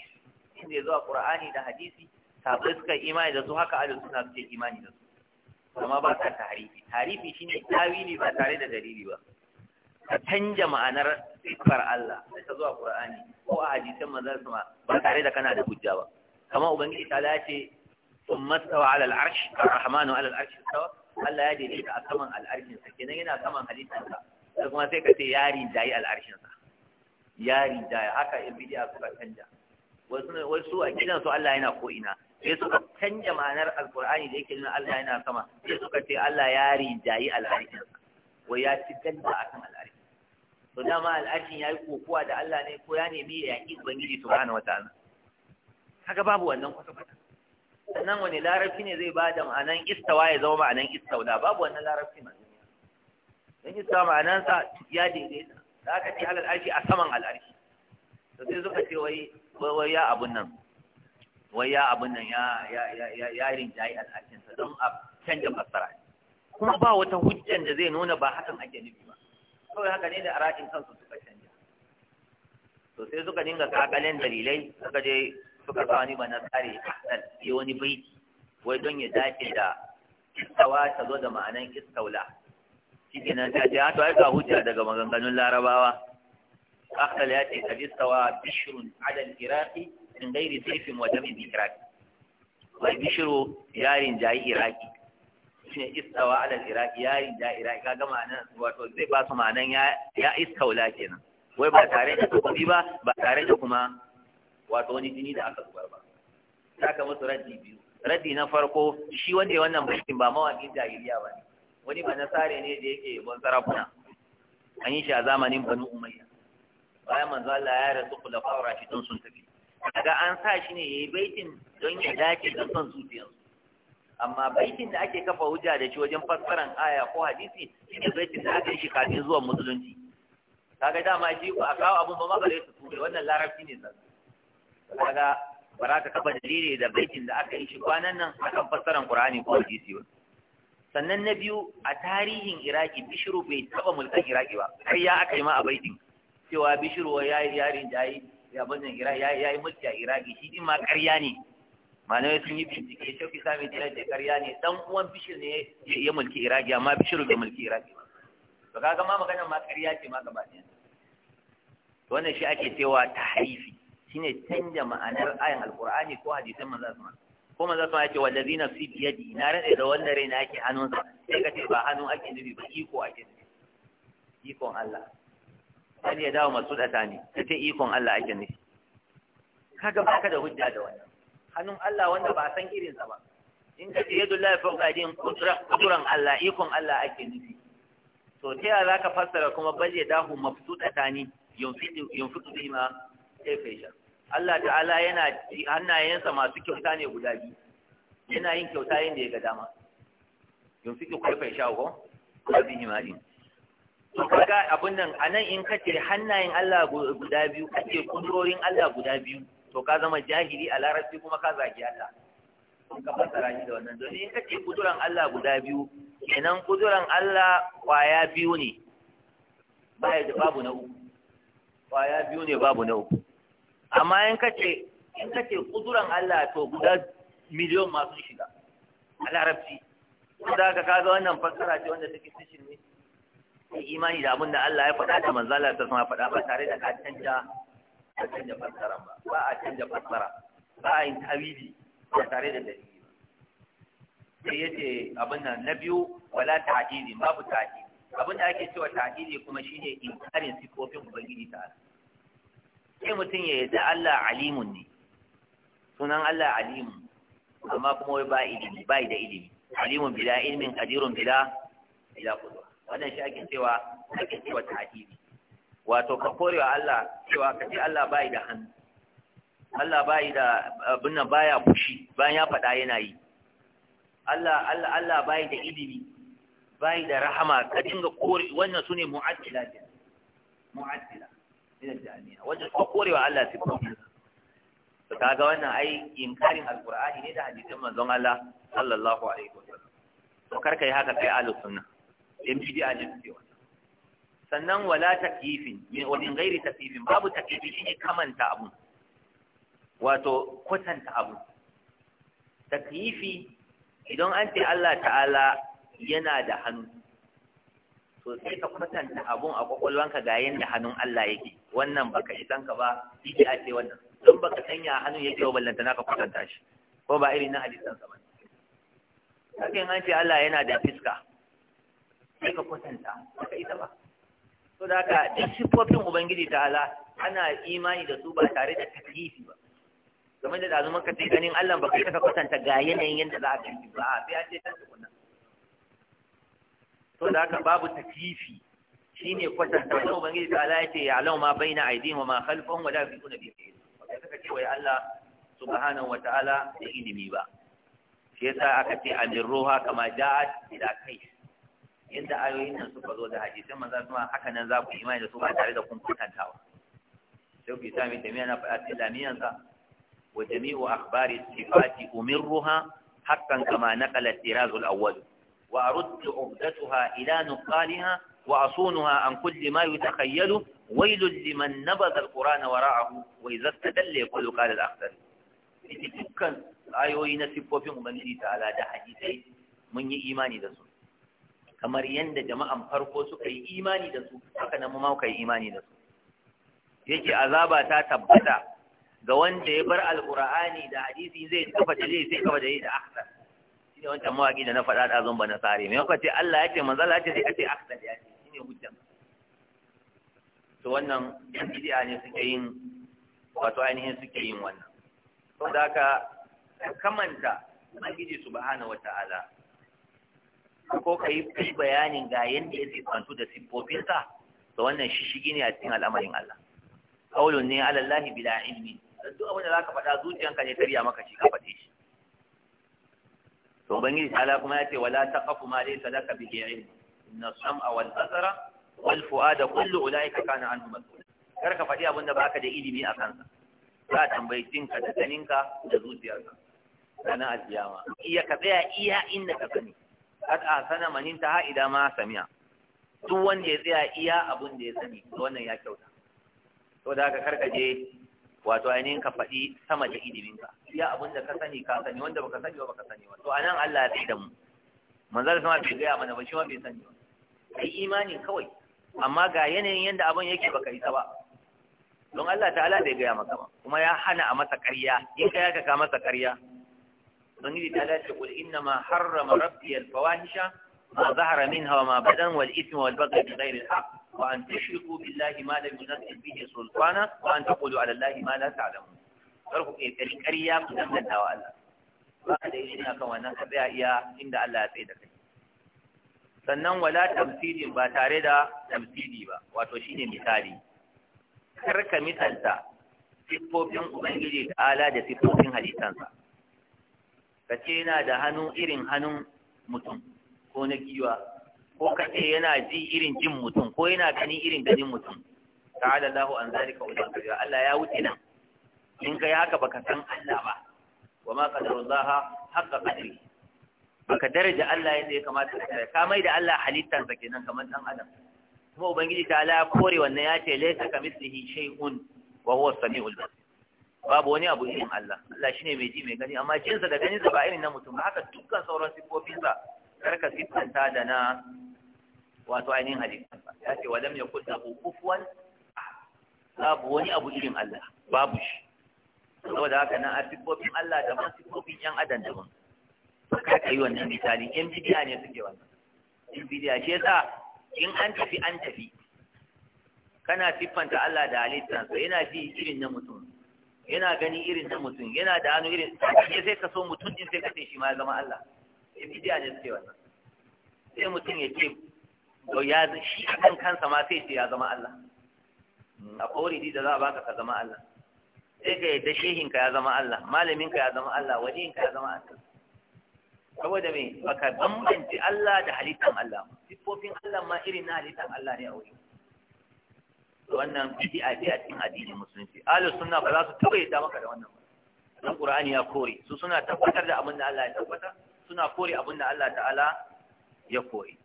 A: inda zuwa alqur'ani da hadisi sabai suka imani da su haka ahlus suna suke imani da
B: su amma ba ta
A: tarifi tarifi shine tawili ba tare da dalili ba ka canja ma'anar siffar Allah da ta zuwa Qur'ani ko a hadisan manzon sama ba tare da kana da hujja ba kamar ubangiji ta dace thumma stawa ala al-arsh ar-rahmanu ala al-arsh stawa Allah ya daidaita a saman al-arshin sa kenan yana saman halittar sa sai kuma sai ka ce ya rinjayi al-arshin sa yari rinjayi haka ibdiya suka canja wasu wasu a gidan su Allah yana ko ina sai suka canja ma'anar Al-Qur'ani da yake nuna Allah yana sama sai suka ce Allah yari rinjayi al-arshin sa wai ya ci ganda akan al-arshin to dama al'ashin ya yi kokowa da Allah ne ko ya nemi ya yaƙi ubangiji wata ana. Haka babu wannan kwata-kwata sannan wani larabci ne zai ba da ma'anan istawa ya zama ma'anan istauda babu wannan larabci ma duniya don istawa sa ya daidaita da aka ce halal arshi a saman al'arshi to sai suka ce wai wai ya abun nan wai ya abun nan ya ya ya ya rinjayi al'arshinsa don a canja fassara kuma ba wata hujjan da zai nuna ba hakan ake nufi ba kawai haka ne da arakin kansu suka canja to sai suka dinga kakalen dalilai suka je suka sa wani bana tsare a yi wani baiti wai don ya dace da istawa ta zo da ma'anan istaula shi ke nan ta ce a ah, to ai ga hujja daga maganganun larabawa ahsan ya ce ka istawa bishirun adal iraki min gairi saifin wa damin iraki wai bishiru yarin jayi iraki shine istawa ala iraki ya yi da iraki kaga ma'anan wato zai ba su ma'anan ya ya istaula kenan wai ba tare da kuɗi ba ba tare da kuma wato wani jini da aka zubar ba saka musu raddi biyu raddi na farko shi wanda wannan mulkin ba mawaƙin jahiliya ba ne wani ba nasare ne da yake yabon sarakuna an yi shi a zamanin banu umayya bayan manzo Allah ya rasu shi rashidun sun tafi kaga an sa shi ne yayi baitin don ya dace da son zuciyarsu amma baitin da ake kafa hujja da shi wajen fassaran aya ko hadisi shine baitin da aka shi kafin zuwa musulunci kaga dama shi a kawo abun ba ma su ne wannan larabci ne sai kaga baraka kafa dalili da baitin da aka yi shi kwanan nan akan fassaran qur'ani ko hadisi sannan na biyu a tarihin iraki bishiru bai taba mulkan iraki ba sai ya aka yi ma a baitin cewa bishiru ya yi yarin jayi ya bazin iraki ya yi mulki a iraki shi din ma ƙarya ne malamai sun yi bincike shafi sami ta da karya ne dan uwan bishir ne ya mulki iraki amma bishir bai mulki iraki ba to kaga ma maganar ma karya ce ma gaba ɗaya wannan shi ake cewa ta haifi shine canja ma'anar ayan alqur'ani ko hadisan manzo sallallahu ko manzo sallallahu alaihi wasallam ya ce wallazina fi biyadi na rade da wannan rai na ake sa sai ka ce ba hannun ake nufi ba iko ake nufi ikon Allah
B: sai ya dawo masu
A: data ne ce ikon Allah ake nufi kaga baka da hujja da wannan hannun Allah wanda ba a san irinsa ba in ka ce yadullahi fauka din kuduran Allah ikon Allah ake nufi to ta yaya ka fassara kuma ya dahu mabsutatani ma yunfitu bima kayfa Allah ta'ala yana hannayensa masu kyauta ne guda biyu yana yin kyauta yin da ya ga dama yunfitu kayfa sha ko bihi ma din to kaga abin nan anan in ce hannayen Allah guda biyu kace kudurorin Allah guda biyu to ka zama jahili a larabci kuma ka zagi Allah ka fara rani da wannan don in kace kuduran Allah guda biyu kenan kuduran Allah kwaya biyu ne baya da babu na uku kwaya biyu ne babu na uku amma in kace in ce kuduran Allah to guda miliyon masu shiga a larabci Kun da ka kaga wannan fassara ce wanda take ta shirme imani da abin da Allah ya faɗa da manzala ta sama faɗa ba tare da ka canja a canja fassara ba ba a canja fassara ba a yin tawili ba tare da dalili ba sai yace abin nan na biyu wala ta'dili babu ta'dili abin da ake cewa ta'dili kuma shine inkarin sifofin ubangiji Allah sai mutum ya yadda Allah alimun ne sunan Allah alimun amma kuma wai ba ilimi ba da ilimi alimun bila ilmin kadirun bila ila kudu wannan shi ake cewa ake cewa ta'dili wato ka korewa Allah cewa ka ce Allah bai da hannu Allah bai da abin nan baya fushi bayan ya faɗa yana yi Allah Allah Allah bai da ilimi bai da rahama ka dinga kore wannan sune mu'attila ke mu'attila ina jami'a wajen ka korewa Allah sifofi to kaga wannan ai inkarin alqur'ani ne da hadisin manzon Allah sallallahu alaihi wasallam to karka yi haka kai ahlus sunna in bid'a ne cewa sannan wala takyifin wa min ghairi takyifin babu shi ne kamanta abu wato kwatanta abu takifi idan an ce Allah ta'ala yana da hannu to sai ka kwatanta abun a kwakwalwanka ga yanda hannun Allah yake wannan baka isan ka ba shi a ce wannan don baka sanya hannun yake wa ballanta naka kwatanta shi ko ba irin na hadisan sa ba kakin an ce Allah yana da fiska sai ka kwatanta baka isa ba so da haka duk siffofin ubangiji ta ala, ana imani da su ba tare da taklifi ba game da dazu maka sai ganin Allah baka kai ka kwatanta ga yanayin yadda za a ba a sai a ce ta tukuna to da haka babu taklifi shine kwatanta wannan ubangiji ta'ala yace ya lau ma baina aidihim wa ma khalfahum wa la yaquluna bi shay'in ba ka ce wai Allah subhanahu wa ta'ala da ilimi ba shi yasa aka ce amirruha kama ja'at ila kai. yadda ayoyin nan suka zo da hadisan manzo kuma haka nan za ku imani da su ba tare da kun kuntantawa sai ku sami jami'a na faɗa islamiyan sa wa jami'u akhbari sifati umirruha haqqan kama naqala tiraz al-awwal wa aruddu ubdatuha ila nuqaliha wa asunuha an kulli ma yutakhayyalu wailul liman nabadha al-qur'ana wara'ahu wa idza istadalla yaqulu qala al-akhdari dukkan ayoyi na siffofin ubangiji ta'ala da hadisai mun yi imani da su kamar yadda jama'an farko suka yi imani da su haka nan ma muka yi imani da su yake azaba ta tabbata ga wanda ya bar alqur'ani da hadisi zai kafa da zai kafa da da ahsan shine wancan mawaki da na faɗa da azon bana sare me yake ce Allah ya ce manzo Allah ya ce sai kace ahsan ya ce shine hujjan to wannan bid'a ne suke yin wato ainihin suke yin wannan saboda haka kamanta ubangiji subhanahu wataala ko ka yi bayanin ga yadda ya sifantu da siffofinsa da wannan shishigi ne a cikin al'amarin Allah kaulun ne alallahi bila ilmi duk abin da za ka faɗa zuciyanka ne karya maka shi ka faɗe shi to bangi ta'ala kuma ya ce wala kafu ma laysa laka bihi ilm inna sam'a wal basara wal fu'ada kullu ulaika kana anhu mas'ul kar ka faɗi abin da baka da ilimi a kansa za a tambayi jinka da ganinka da zuciyarka ranar alkiyama iya ka tsaya iya inda ka sani qad ahsana man intaha idan ma sami'a duk wanda ya tsaya iya abun da ya sani wannan ya kyauta to da haka karkaje wato ainihin ka faɗi sama da ka iya abun da ka sani ka sani wanda baka sani ba baka sani ba to anan Allah ya tsaye da mu manzal sama bai gaya mana ba shi ma bai sani ba kai imani kawai amma ga yanayin yanda abun yake baka isa ba don Allah ta'ala bai gaya maka ba kuma ya hana a masa ƙarya in ka yaka ka masa ƙarya ubangiji ta dace kul inna ma harrama rabbi al fawahisha ma zahara minha wa ma badan wal ithma wal baghy bi ghairi al haqq wa an tushriku billahi ma lam yunzil bihi sultana an taqulu ala ma la ta'lamun kar ku kai ƙarya ku ba wannan iya inda Allah ya da sannan wala tamsilin ba tare da tamsili ba wato shine misali kar ka misalta siffofin ubangiji ta'ala da siffofin halittansa ka ce yana da hannu irin hannun mutum ko na giwa ko ka ce yana ji irin jin mutum ko yana gani irin ganin mutum ta'ala Allahu an ka wa ta'ala Allah ya wuce nan in kai haka baka san Allah ba wa ma qadarullah haqqa qadri baka daraja Allah yadda ya kamata ka mai da Allah halittar halittansa kenan kamar dan adam kuma ubangiji ta'ala ya kore wannan ya ce laysa kamithlihi shay'un wa huwa as-sami'ul basir babu wani abu irin Allah Allah shine mai ji mai gani amma jinsa da ganinsa ba irin na mutum ba haka dukkan sauran sa, karka siffanta da na wato ainihin halittar ya ce walam ya kuta kufuwan babu wani abu irin Allah babu shi saboda haka na a siffofin Allah daban siffofin yan adam daban karka yi wannan misali yan bidiya ne suke wannan yan bidiya shi yasa in an tafi an tafi kana siffanta Allah da halittarsa yana fi irin na mutum yana gani irin na mutum yana da hannu irin ya sai ka so mutum din sai ka shi ma ya zama Allah ya eh, fi jiya ne suke wannan sai mutum ya ce ya shi a kan kansa ma sai ce ya zama Allah hmm, a kawai da za a baka ka zama Allah sai ka yadda shehinka ya zama Allah malaminka ya zama Allah wajenka ya zama Allah saboda me baka bambance Allah da halittan Allah siffofin Allah ma irin na halittan Allah ne a wajen to wannan bid'a ce a cikin addinin musulunci ahlus sunna ba za su taba yadda maka da wannan dan qur'ani ya kore su suna tabbatar da abin da Allah ya tabbata suna kore abin da Allah ta'ala ya kore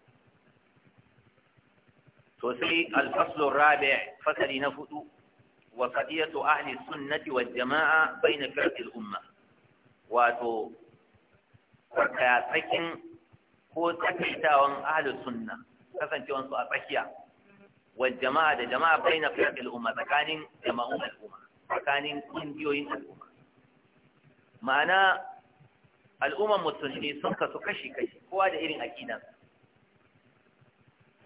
A: to sai al-faslu rabi' fasali na hudu wa qadiyatu ahli sunnati wal jama'a bayna firqi al-umma wato kaya tsakin ko tsakaitawan ahlus sunna kasancewansu a tsakiya wal jama'a da jama'a baina firqil umma tsakanin jama'un al'umma tsakanin kungiyoyin al'umma ma'ana al'umman musulmi sun kasu kashi kashi kowa da irin aqida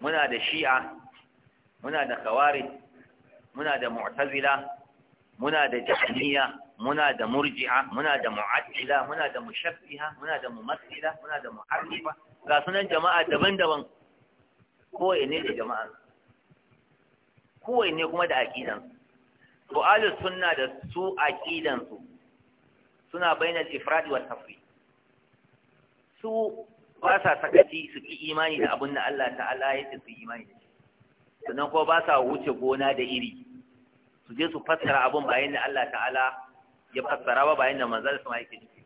A: muna da shi'a muna da khawarij muna da mu'tazila muna da jahmiya muna da murji'a muna da mu'attila muna da mushabbiha muna da mumassila muna da muharrifa ga sunan jama'a daban-daban ko ne da jama'a ne kuma da aƙidansu? to ahlus sunna da su aƙidansu suna bainal ifradi wa tafri su ba sa sakaci su ki imani da abin da Allah ta'ala ya ce su imani da shi sannan kuma ba sa wuce gona da iri su je su fassara abin bayan da Allah ta'ala ya fassara ba bayan da manzal su ma yake nufi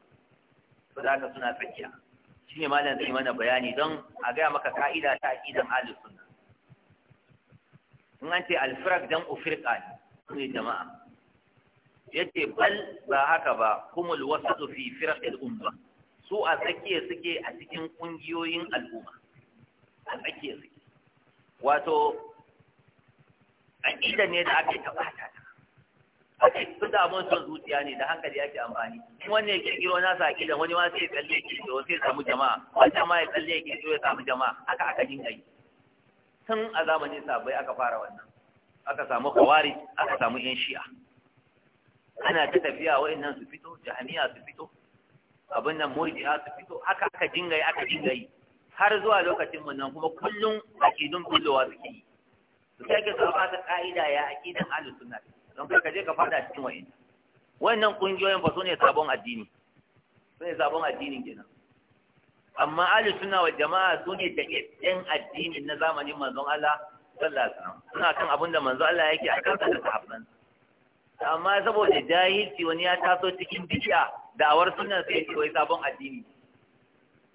A: to da haka suna tsakiya shine malamin zai mana bayani don a gaya maka ka'ida ta aqidan ahlus sunna in an ce alfirak dan ufirka ne ne jama'a yace bal ba haka ba kumul wasatu fi firqil umma su a tsakiya suke a cikin kungiyoyin al'umma a tsakiya suke wato aqida ne da ake tabata aka yi su damun son zuciya ne da hankali ake amfani wani ya na nasa aqida wani ma sai ya tsalle ya kirkiro sai ya samu jama'a wata ma ya tsalle ya kirkiro ya samu jama'a haka aka dinga yi tun a zamanin sabai aka fara wannan aka samu kawari aka samu yan shi'a ana ta tafiya wa'annan su fito jahamiya su fito abin nan murjiya su fito haka aka dingayi aka dingayi har zuwa lokacin wannan nan kuma kullum akidun bullowa suke yi su sai ke saba ta ka'ida ya akidan ahlus sunna don kai ka je ka fada cikin wa'annan wannan kungiyoyin ba su ne sabon addini su ne sabon addinin kenan amma ahli sunna wal jama'a sune ne da addinin na zamanin manzon Allah sallallahu alaihi wasallam suna kan abinda da manzon Allah yake a kan da sahabban amma saboda jahilci wani ya taso cikin bid'a da'awar sunna sai ya wai sabon addini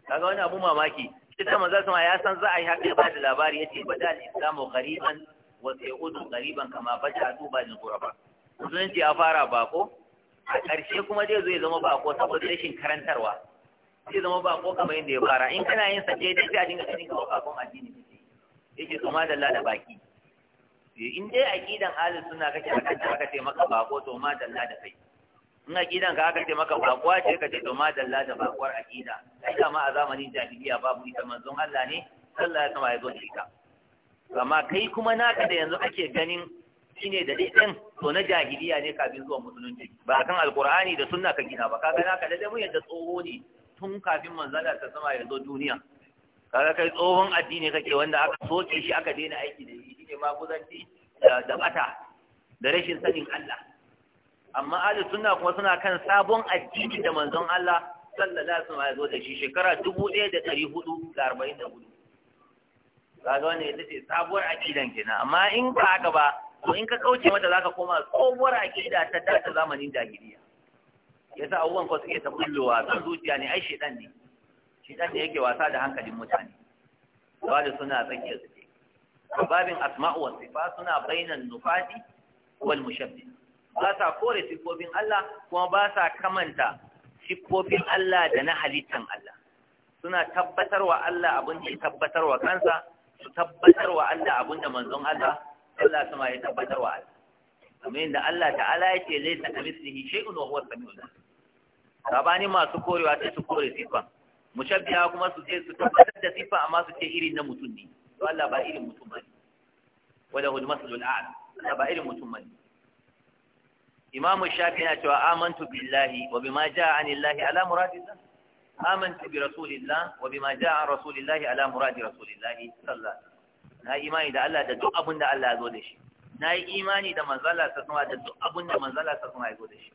A: kaga wani abu mamaki shi ta manzon sama ya san za a yi haka ba da labari yace bada al-islamu qariban wa sayudu qariban kama bada tuba lil ghuraba musulunci ya fara bako a ƙarshe kuma zai zo ya zama bako saboda rashin karantarwa zai zama ba ko kamar yadda ya fara in kana yin sake dai sai a dinga ganin ka ba kon addini yake kuma da lada baki eh, in dai aqidan ahli sunna kake akan ta aka ce maka ko to ma dalla da kai in aqidan ka aka ce maka ko ce kace to ma dalla da bakwar aqida sai kama a zamanin jahiliya babu ita manzon Allah ne sallallahu alaihi wasallam ya zo shi ka amma kai kuma naka da yanzu ake ganin shine da dai din to na jahiliya ne kafin zuwa musulunci ba kan alqur'ani da sunna ka gina ba kaga naka da mun yadda tsoho ne tun kafin manzala ta sama ya zo duniya kaga kai tsohon addini kake wanda aka soke shi aka daina aiki da shi shine maguzanci da bata da rashin sanin Allah amma ahli sunna kuma suna kan sabon addini da manzon Allah sallallahu alaihi wasallam ya zo da shi shekara 1444 kaga wannan ita ce sabuwar aqidan kenan amma in ka haka ba to in ka kauce mata zaka koma tsohuwar aqida ta da zamanin jahiliyya yasa abubuwan ko suke ta bullowa son zuciya ne ai shedan ne shedan ne yake wasa da hankalin mutane ba da suna tsakiyar su ce babin asma'u wa sifa suna bainan nufati wal mushabbih ba sa kore sifofin Allah kuma ba sa kamanta sifofin Allah da na halittan Allah suna tabbatarwa Allah abin da ya tabbatarwa kansa su tabbatarwa Allah abin da manzon Allah Allah sama ya tabbatarwa Allah kamar yadda Allah ta'ala ya ce laisa ka mislihi shay'un wa huwa samiul basir sabanin masu korewa sai su kore sifa mushabbiha kuma su ce su tabbatar da sifa amma su ce irin na mutum ne to Allah ba irin mutum bane wala hul masalul a'la Allah ba irin mutum bane Imam Shafi yana cewa amantu billahi wa bima jaa anillahi ala muradillah amantu bi rasulillah wa bima jaa an rasulillah ala muradi rasulillah sallallahu na imani da Allah da duk abin da Allah ya zo da shi na yi imani da manzala ta sama da duk abin da manzala ta sama ya zo da shi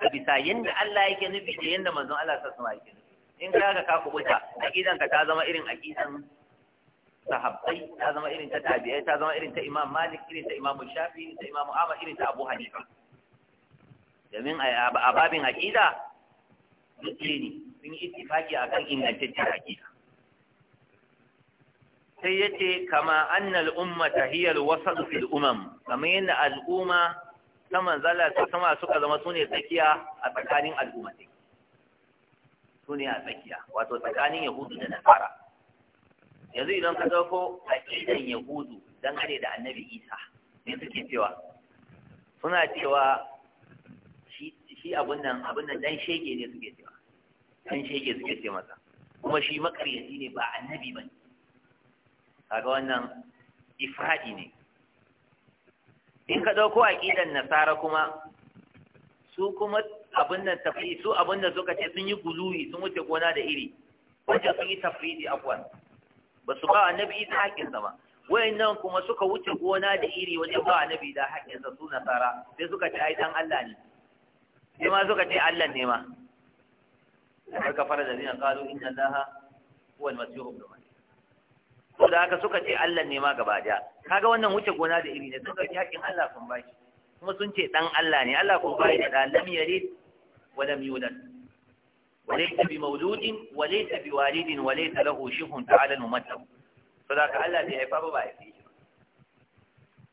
A: a bisa yadda Allah yake nufi da yadda manzon Allah sa sama yake nufi in ka ga ka kubuta aqidan ka ta zama irin aqidan sahabbai ta zama irin ta tabi'ai ta zama irin ta Imam Malik irin ta Imam Shafi ta Imam Ahmad irin ta Abu Hanifa domin a babin aqida duk ne sun yi ittifaki akan ingantaccen aqida sai yace kama annal ummata hiya alwasat fil umam kamar yadda al'umma ta manzala ta kama suka zama sune tsakiya a tsakanin al'ummai sune a tsakiya wato tsakanin yahudu da nasara yanzu idan ka dauko aqidan yahudu dangane da annabi isa ne suke cewa suna cewa shi shi abun nan abun nan dan shege ne suke cewa dan shege suke ce masa kuma shi makaryaci ne ba annabi bane kaga wannan ifradi ne in ka dauko aqidan nasara kuma su kuma abin nan tafi su abin da suka ce sun yi guluyi sun wuce gona da iri wajen sun yi tafridi afwan ba su ba annabi isa hakkin zama ba wayannan kuma suka wuce gona da iri wajen ba annabi da hakkin sa su nasara sai suka ce ai dan Allah ne
B: sai ma suka ce Allah ne
A: ma kafara da zina qalu inna allaha huwa al-masih ibn ko da haka suka ce Allah ne ma gaba daya kaga wannan wuce gona da iri ne suka ji haƙin Allah kun bashi kuma sun ce dan Allah ne Allah kun bai da lam yalid wa lam yulad wa laysa bi mawludin wa laysa bi walidin wa laysa lahu shay'un ta'ala al-mumattaw to da Allah bai haifa ba ba ya fi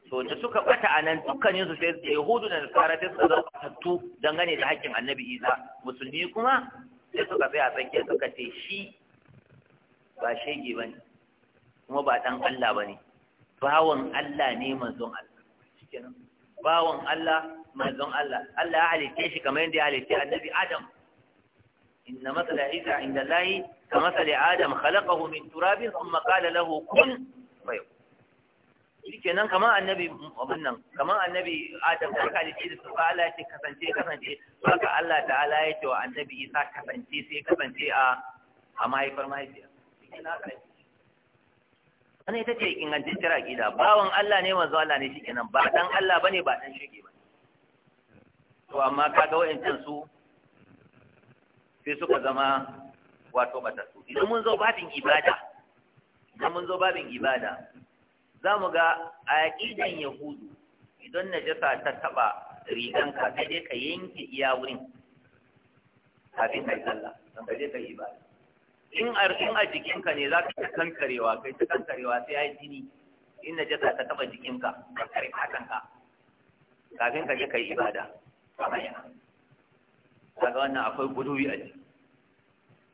A: to da suka bata anan dukkanin su sai yahudu da nasara sai su zama tattu dangane da haƙƙin annabi Isa musulmi kuma sai suka tsaya tsakiya suka ce shi ba shege bane kuma ba ɗan Allah ba ne, bawan Allah ne manzon Allah shikenan bawan Allah manzon Allah Allah ya halitta shi kamar yadda ya halitta annabi Adam inna masala Isa inda layi ka matsala Adam khalaqahu min turabin thumma qala lahu kun fayakun shikenan kamar annabi abin nan kamar annabi Adam da kali ce su ba Allah ce kasance kasance haka Allah ta'ala ya ce wa annabi Isa kasance sai kasance a a mahaifar mahaifiya shikenan haka Wani ita ce ingantacciyar aqida bawan Allah ne manzo Allah ne shikenan ba dan Allah bane ba dan shege ba to amma kaga wayancan su sai suka zama wato su idan mun zo babin ibada idan mun zo babin ibada za mu ga a aqidan yahudu idan najasa ta taɓa riganka sai dai ka yanke iya wurin kafin yi sallah dan ka je ibada in a jikinka ne zaka ka ta kankarewa kai ta kankarewa sai ai jini in jasa ta taba jikinka ka kare fatanka kafin ka je ka yi ibada a baya kaga wannan akwai gudubi a ciki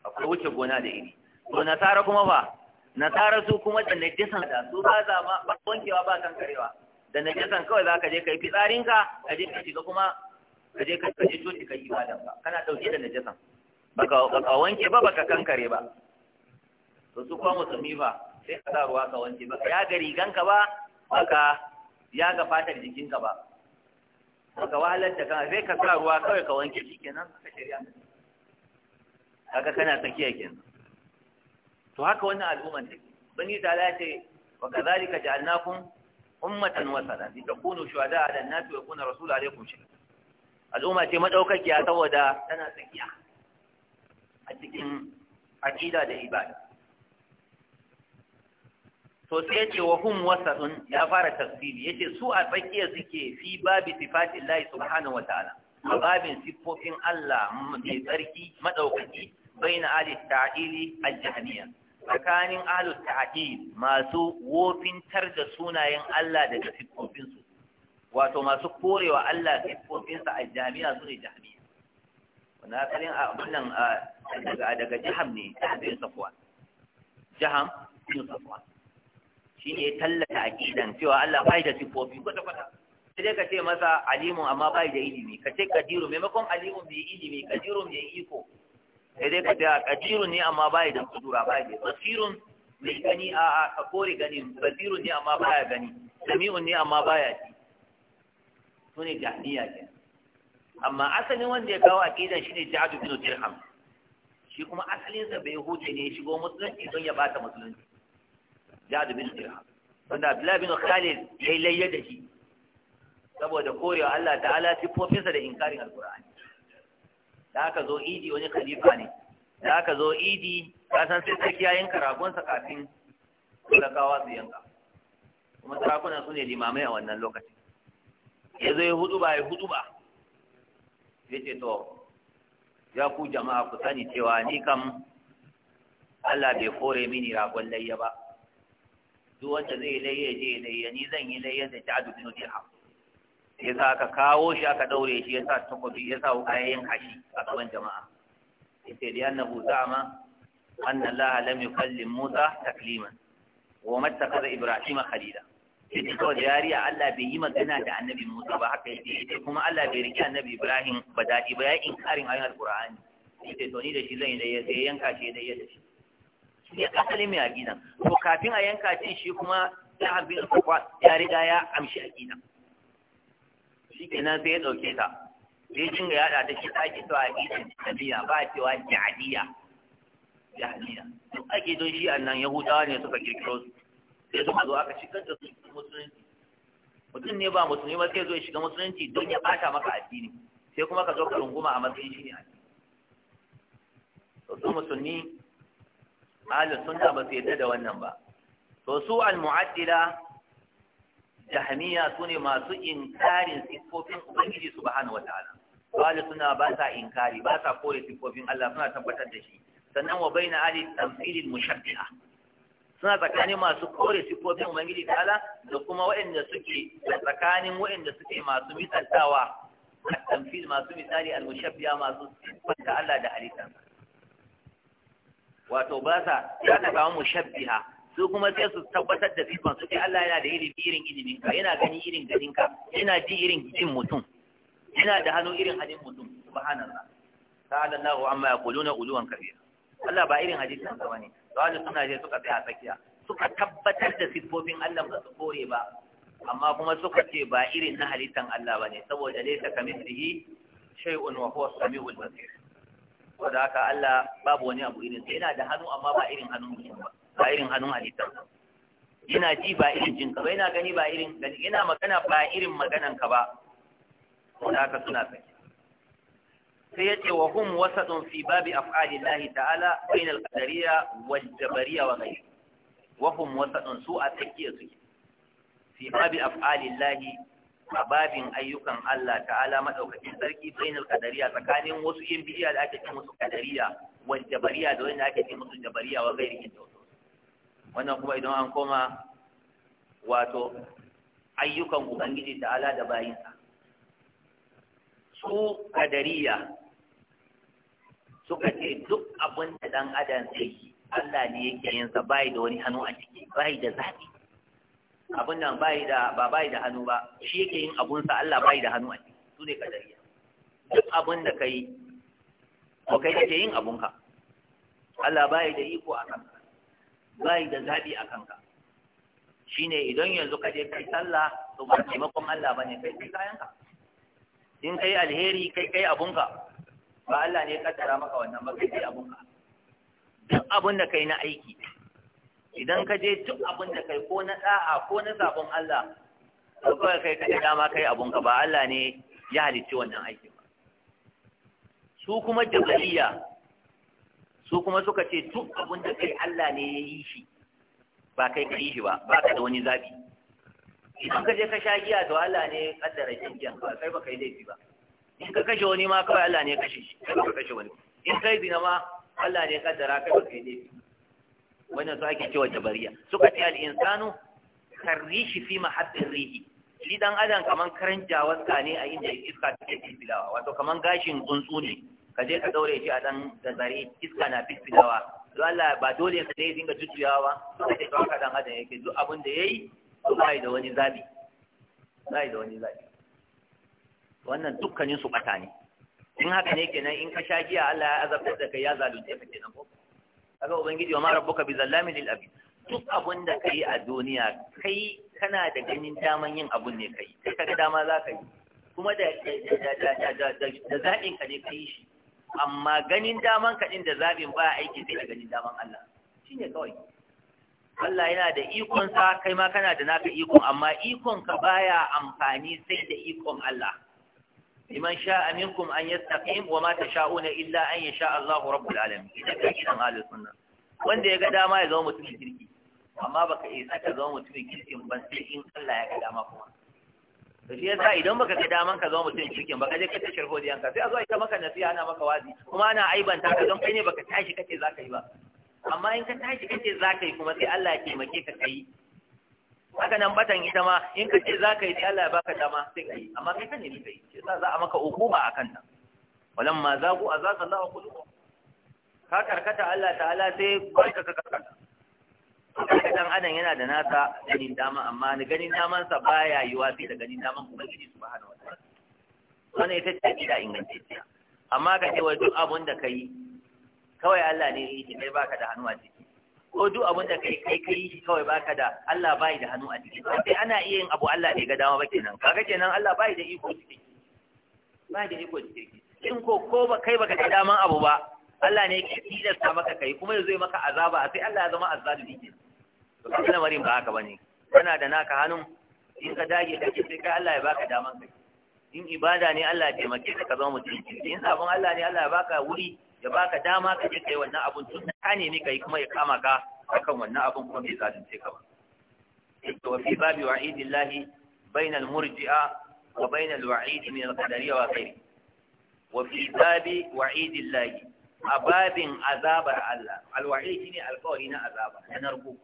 A: akwai wuce gona da iri to nasara kuma ba nasara su kuma da najasan da su ba za ma ba wankewa ba kankarewa da najasan kawai za ka je ka yi fitsarinka ka je ka shiga kuma ka je ka je coci ka yi ibada kana ɗauke da najasan baka wanke ba baka kankare ba to su kuma musulmi ba sai ka sa ruwa ka wanke baka ya ga riganka ba baka ya ga fatar jikinka ba baka wahalar da kan sai ka sa ruwa kawai ka wanke shikenan ka shari'a kaga kana tsakiya kenan to haka wannan al'umma ne bani ta ce wa kadhalika ja'alnakum ummatan wasala takunu shuhada'a 'ala an wa yakuna rasulun 'alaykum shahida al'umma ce madaukakiya saboda tana tsakiya a cikin aƙida da ibada to sai ce wa hum wasa'un ya fara tafsiri yace su a tsakiya suke fi babi Allah subhanahu wataala a babin siffofin Allah mai tsarki madaukaki baina ahli ta'ili al-jahmiya tsakanin ahli ta'ili masu wofintar da sunayen Allah daga siffofinsu wato masu korewa Allah siffofinsa al jami'a su ne jahmiya na kalin abin nan daga jiham ne ta bin safwan jiham bin safwan shi ne tallata a aqidan cewa Allah bai da sifofi kwata kwata sai dai ka ce masa alimun amma bai da ilimi ka ce kadiru maimakon alimun bai ilimi kadirun bai iko sai dai ka ce kadirun ne amma bai da kudura bai da basirun mai gani a a kore basirun ne amma baya gani sami'un ne amma baya ji sune jahiliya kenan amma asalin wanda ya kawo aqidan shine Ja'd bin Dirham shi kuma asalin sa bai huce ne shigo musulunci don ya bata musulunci Ja'd bin Dirham wanda Abdullah bin Khalid ya layya da shi saboda korewa Allah ta'ala sifofinsa da inkarin alqur'ani da aka zo idi wani khalifa ne da aka zo idi ka san sai sai ya yanka sa kafin kawa su yanka kuma sarakuna su ne limamai a wannan lokacin ya zo ya hudu ba ya hudu ba ya to ya ku jama'a ku sani cewa ni kam Allah bai kore mini ragon layya ba duk wanda zai layya je layya ni zan yi layya da jadu bin dirham ya sa aka kawo shi aka daure shi ya sa takobi ya sa kayan kashi a gaban jama'a ya ce da yannahu anna Allah lam yukallim Musa takliman wa kaza Ibrahim khalila yake kawai yariya Allah bai yi magana da annabi Musa ba haka yake yake kuma Allah bai rike annabi Ibrahim ba daɗi ba ya yi inkarin Alqur'ani. Alƙur'ani sai to ni da shi zan yi da ya sai yanka shi da ya da shi shi asalin mai aqidan to kafin a yanka shi shi kuma ya habbi kwa ya riga ya amshi shi kenan sai ya dauke ta sai jin ga yada ta shi take to aqidan tabiya ba cewa ja'diya ja'diya to ake don shi annan yahudawa ne suka kirkiro su sai suka zo aka shigar da musulunci mutum ne ba musulmi ba sai zo ya shiga musulunci don ya bata maka addini sai kuma ka zo ka runguma a matsayin shi ne addini su musulmi ahlus sunna ba su yadda da wannan ba to su al-mu'addila jahmiya su ne masu inkarin siffofin ubangiji subhanahu wataala wali suna ba sa inkari ba sa kore siffofin Allah suna tabbatar da shi sannan wa baina ali tamthilil mushabbiha suna tsakanin masu kore sifofin ubangiji ta'ala da kuma waɗanda suke tsakanin waɗanda suke masu misaltawa a tamfil masu misali al-mushabbiya masu sifanta Allah da halitta wato ba sa ya ta mu mushabbiha su kuma sai su tabbatar da sifan su ce Allah yana da ilimi irin ilimin ka yana gani irin ka, yana ji irin jin mutum yana da hannu irin hannun mutum subhanallah ta'ala Allahu amma yaquluna uluwan kabira Allah ba irin hadisin ka bane wani suna je suka tsaya tsakiya suka tabbatar da siffofin Allah ba su kore ba amma kuma suka ce ba irin na halittan Allah ba ne saboda dai laysa kamithlihi shay'un wa huwa as-sami'ul basir saboda haka Allah babu wani abu irin sai yana da hannu amma ba irin hannun mutum ba ba irin hannun halittan ba yana ji ba irin jinka ba yana gani ba irin gani yana magana ba irin maganan ka ba wanda haka suna sake sai yace wa hum wasatun fi babi af'alillahi ta'ala bain al-qadariyya wal jabariyya wa ghayr wa hum wasatun su a tsakiya suke fi babi af'alillahi a babin ayyukan Allah ta'ala madaukakin sarki bain al-qadariyya tsakanin wasu yin bidiya da ake ce musu qadariyya wal jabariyya da wanda ake ce musu jabariyya wa ghayr wannan kuma idan an koma wato ayyukan ubangiji ta'ala da bayinsa su kadariya suka ce duk abin da dan adam zai yi Allah ne yake yin sa bai da wani hannu a ciki bai da zafi abin nan bai da ba bai da hannu ba shi yake yin abun sa Allah bai da hannu a ciki su ne kadariya duk abin da kai ko kai kake yin abun ka Allah bai da iko a kanka bai da zabi a kanka shine idan yanzu ka je kai sallah to ba taimakon Allah bane kai kai kayanka in kai alheri kai kai abunka ba Allah ne ya kaddara maka wannan ba kai abun ka duk abun da kai na aiki idan ka je duk abun da kai ko na da'a ko na sabon Allah to kawai kai da dama kai abun ka ba Allah ne ya halicci wannan aikin ba su kuma jabaliya su kuma suka ce duk abun da kai Allah ne ya yi shi ba kai ka yi shi ba ba ka da wani zabi idan ka je ka sha giya to Allah ne ya kaddara shan giya ba kai ba kai laifi ba in ka kashe wani ma kawai Allah ne ya kashe shi ka kashe wani in kai zina ma Allah ne ya kaddara kai ba kai ne wannan su ake cewa jabariya suka ce al'insanu, insanu karrishi fi mahabbin rihi shi dan adam kaman karan jawaska ne a inda iska take fifilawa wato kaman gashin tsuntsu ne ka je ka daure shi a dan gazare iska na fifilawa to Allah ba dole ka dai dinga jujjuyawa sai dai ka dan adam yake duk abin da yayi to bai da wani zabi bai da wani zabi wannan dukkanin su bata ne in haka ne kenan in ka sha giya Allah ya azabtar da kai ya zalunce ka kenan ko kaga ubangiji wa ma rabbuka bi zallamin lil abid duk abun da kai a duniya kai kana da ganin daman yin abun ne kai sai kaga dama za ka yi kuma da da zaɓin ka ne kai shi amma ganin daman ka din da zaɓin ba aiki sai da ganin daman Allah shine kawai Allah yana da ikon sa kai ma kana da naka ikon amma ikon ka baya amfani sai da ikon Allah liman sha'a minkum an yastaqim wa ma tasha'una illa an yasha Allah rabbul alamin idan ka kira ahlus sunna wanda ya ga dama ya zama mutumin kirki amma baka isa ka zama mutumin kirkin ban sai in Allah ya ga dama kuma to shi yasa idan baka ga daman ka zama mutumin kirkin baka je ka ta sharho da yanka sai a zo ita maka nasiha ana maka wazi kuma ana aibanta ka don kai ne baka tashi kace zaka yi ba amma in ka tashi kace zaka yi kuma sai Allah ya taimake ka kai haka nan batan ita ma in ka ce za ka yi Allah ya baka dama sai ka yi amma kai kan ne kai ce za a maka hukuma a nan. walan ma zagu a zaka Allah kulubu ka karkata Allah ta'ala sai barka ka karkata kaga dan adam yana da nasa ganin dama amma ni ganin daman sa baya yiwa sai da ganin daman ubangiji subhanahu wataala wannan ita ce da ingantacciya amma ka ce wai duk abun da kai kawai Allah ne yake kai baka da hannu a ciki ko duk abin da kai kai kai shi kawai baka da Allah bai da hannu a cikin sai ana iya yin abu Allah bai ga dama ba kenan kaga kenan Allah bai da iko cikin bai da iko cikin in ko ko ba kai baka da daman abu ba Allah ne yake tilasta maka kai kuma yanzu ya maka azaba sai Allah ya zama azzalimi ne to kuma lamarin ba haka bane kana da naka hannun in ka dage kake sai kai Allah ya baka daman kai in ibada ne Allah ya taimake ka zama mutum in sabon Allah ne Allah ya baka wuri ya baka dama ka je kai wannan abun tun ka nemi kai kuma ya kama ka akan wannan abun kuma bai zalunce ka ba to fi babi wa'idillahi bainal murji'a wa bainal wa'id min al-qadariyya wa ghairi wa fi babi wa'idillahi a babin azabar Allah al-wa'id ne alƙawari na azaba na narko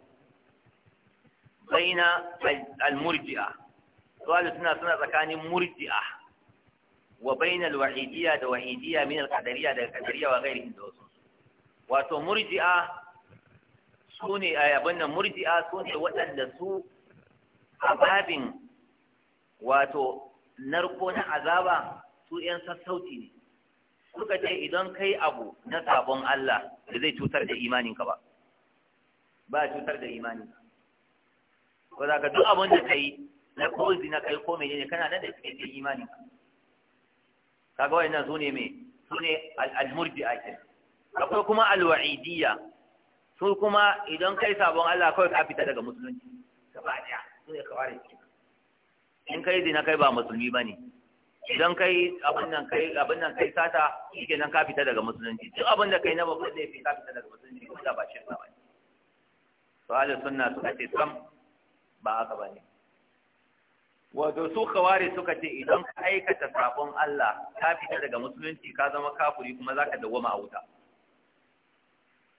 A: baina al-murji'a to suna suna tsakanin murji'a wa bainal wahidiyya da wahidiyya min al qadariyya da qadariyya wa ghairihi da wasu wato murji'a sune eh, abin nan murji'a sune waɗanda su a babin wato narko na azaba su ‘yan sassauci ne suka ce idan kai abu na sabon Allah da zai cutar da imaninka ba ba cutar da imaninka ba za ka duk abin da ka yi na kozi na kai ko menene kana nan da suke ce imaninka kaga su ne mai sune ne murjia ake akwai kuma alwa'idiyya su kuma idan kai sabon Allah kawai ka fita daga musulunci gaba daya sune kawari in kai zina kai ba musulmi ba ne, idan kai abin nan kai abin nan kai sata shikenan ka fita daga musulunci duk abin da kai na babban laifi ka fita daga musulunci ko da ba shi ba to sunna suka ce sam ba haka bane wato su kawari suka ce idan ka aikata sabon Allah ka fita daga musulunci ka zama kafuri kuma zaka dawwama a wuta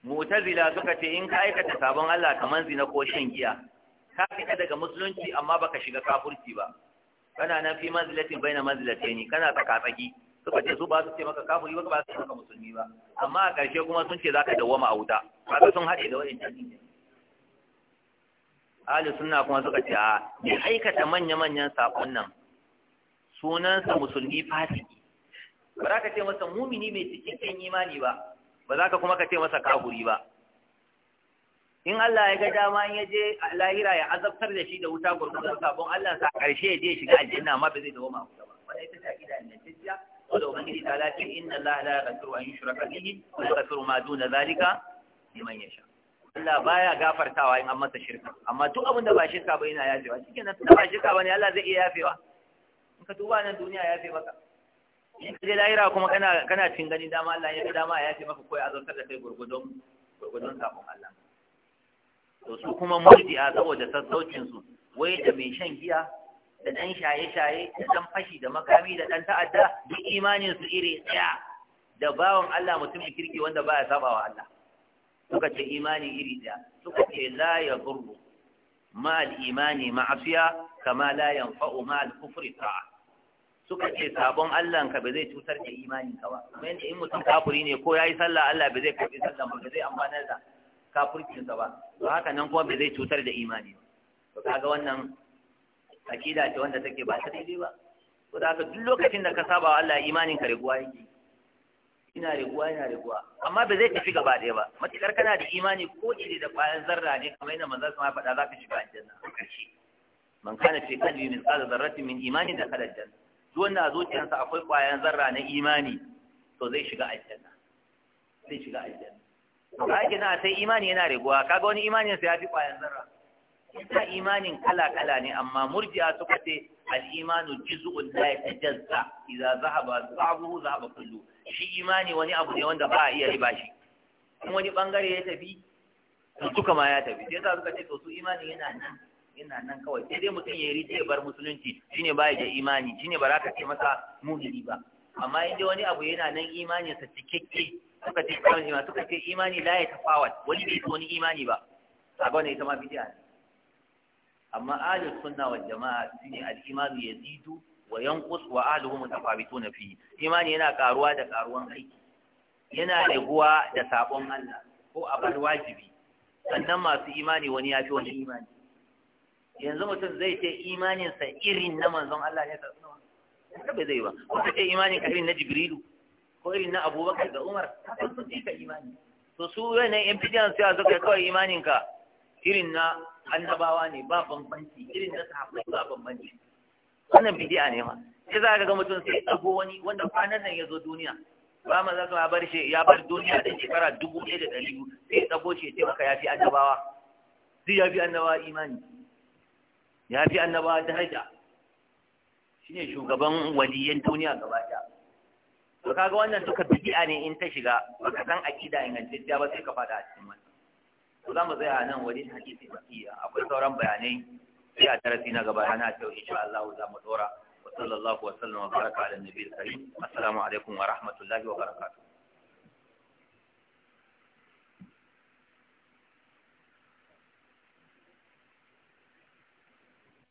A: mu'tazila suka ce in ka aikata sabon Allah kaman zina ko shan giya ka fita daga musulunci amma baka shiga kafurci ba kana nan fi manzilatin baina manzilatayn kana tsaki suka ce su ba su ce maka kafuri ba ba su ce maka musulmi ba amma a ƙarshe kuma sun ce zaka dawwama a wuta kaga sun haɗe da wa'in ahli sunna kuma suka ce a ya aikata manya-manyan sakon nan sunansa musulmi fasiki ba za ka ce masa mumini mai cikakken imani ba ba za ka kuma ka ce masa kafuri ba in Allah ya ga dama in yaje lahira ya azabtar da shi da wuta gurgurdan sabon Allah sa karshe ya je shiga aljanna amma ba zai dawo ma wuta ba wannan ita ce akida annabiyya wanda ubangiji ta lafi inna Allah la yaghfiru an yushraka bihi wa yaghfiru ma duna zalika liman yasha Allah baya gafartawa in an masa shirka amma duk abin da ba shirka ba yana yafewa cikin nan ba shirka bane Allah zai iya yafewa in ka tuba nan duniya ya yafe maka in ka je lahira kuma kana kana cin gani dama Allah ya dama ya yafe maka ko azurtar da kai gurgudun gurgudun sabon Allah to su kuma murji'a saboda sassaucin su wai da mai shan giya da ɗan shaye-shaye da ɗan fashi da makami da ɗan ta'adda duk imanin su iri ɗaya da bawan Allah mutumin kirki wanda baya sabawa Allah suka ce imani iri ɗaya suka ce la ya burbu ma imani ma'afiya, kama la yanfa'u ma al-kufri ta'a suka ce sabon Allah ka ba zai cutar da imani ka ba kuma yanda in mutum kafiri ne ko yayi sallah Allah ba zai kafi sallah ba zai amfana da kafircin sa ba to haka nan kuma ba zai cutar da imani ba to kaga wannan akida ce wanda take ba ta daidai ba to da haka duk lokacin da ka saba wa Allah imanin ka riguwa yake ina riguwa ina riguwa amma ba zai tafi gaba ɗaya ba matukar kana da imani ko iri da ƙwayar zarra ne kamar yadda manzon sama faɗa zaka shiga aljanna a ƙarshe man kana fi kalbi min qala zarratin min imani da kala aljanna duk wanda a zuciyarsa akwai ƙwayar zarra na imani to zai shiga aljanna zai shiga aljanna ba ki na sai imani yana riguwa kaga wani imanin sa ya fi kwayan zarra ita imanin kala kala ne amma murji'a suka ce al-imanu juz'un la yatajazza idza zahaba sa'buhu zahaba kulluhu shi imani wani abu ne wanda ba a iya riba shi in wani bangare ya tafi to suka ma ya tafi sai yasa suka ce to su imani yana nan yana nan kawai sai dai mutum ya yi ya bar musulunci shine ba ya da imani shine ba za ka ce masa mu'mini ba amma in dai wani abu yana nan sa cikakke suka ce kawai ma suka ce imani la ya tafawa wani bai wani imani ba a ga wannan ita ma bidiya amma ahlus sunna wal jama'a shine al-imanu yazidu wa yanqus wa ahluhum mutafarituna fi imani yana karuwa da karuwan aiki yana raguwa da sabon Allah ko a bar wajibi sannan masu imani wani ya fi wani imani yanzu mutum zai ce imaninsa irin na manzon Allah ne sallallahu alaihi wasallam ba zai ba ko ce imanin ka irin na Jibrilu ko irin na Abubakar da Umar sun sun ka imani to su wannan yan bidiyan sai ka kawai imanin ka irin na annabawa ne ba bambanci irin na sahabbai ba bambanci wannan bidi'a ne ma sai za ga mutum sai ɗago wani wanda kwanan nan ya zo duniya ba ma za ka bar shi ya bar duniya da shekara dubu ɗaya da ɗari biyu sai ya ɗago shi ya taimaka ya fi annabawa zai ya fi annabawa imani ya fi annabawa daraja shine shugaban waliyan duniya gaba ɗaya to kaga wannan duka bidi'a ne in ta shiga baka san akida ingantacciya ba sai ka fada a cikin wannan to za mu tsaya nan wajen hadisi makiya akwai sauran bayanai sai a darasi na gaba yana ta insha Allah za mu dora wa sallallahu wa sallam wa baraka ala nabiyil karim assalamu alaikum wa rahmatullahi wa barakatuh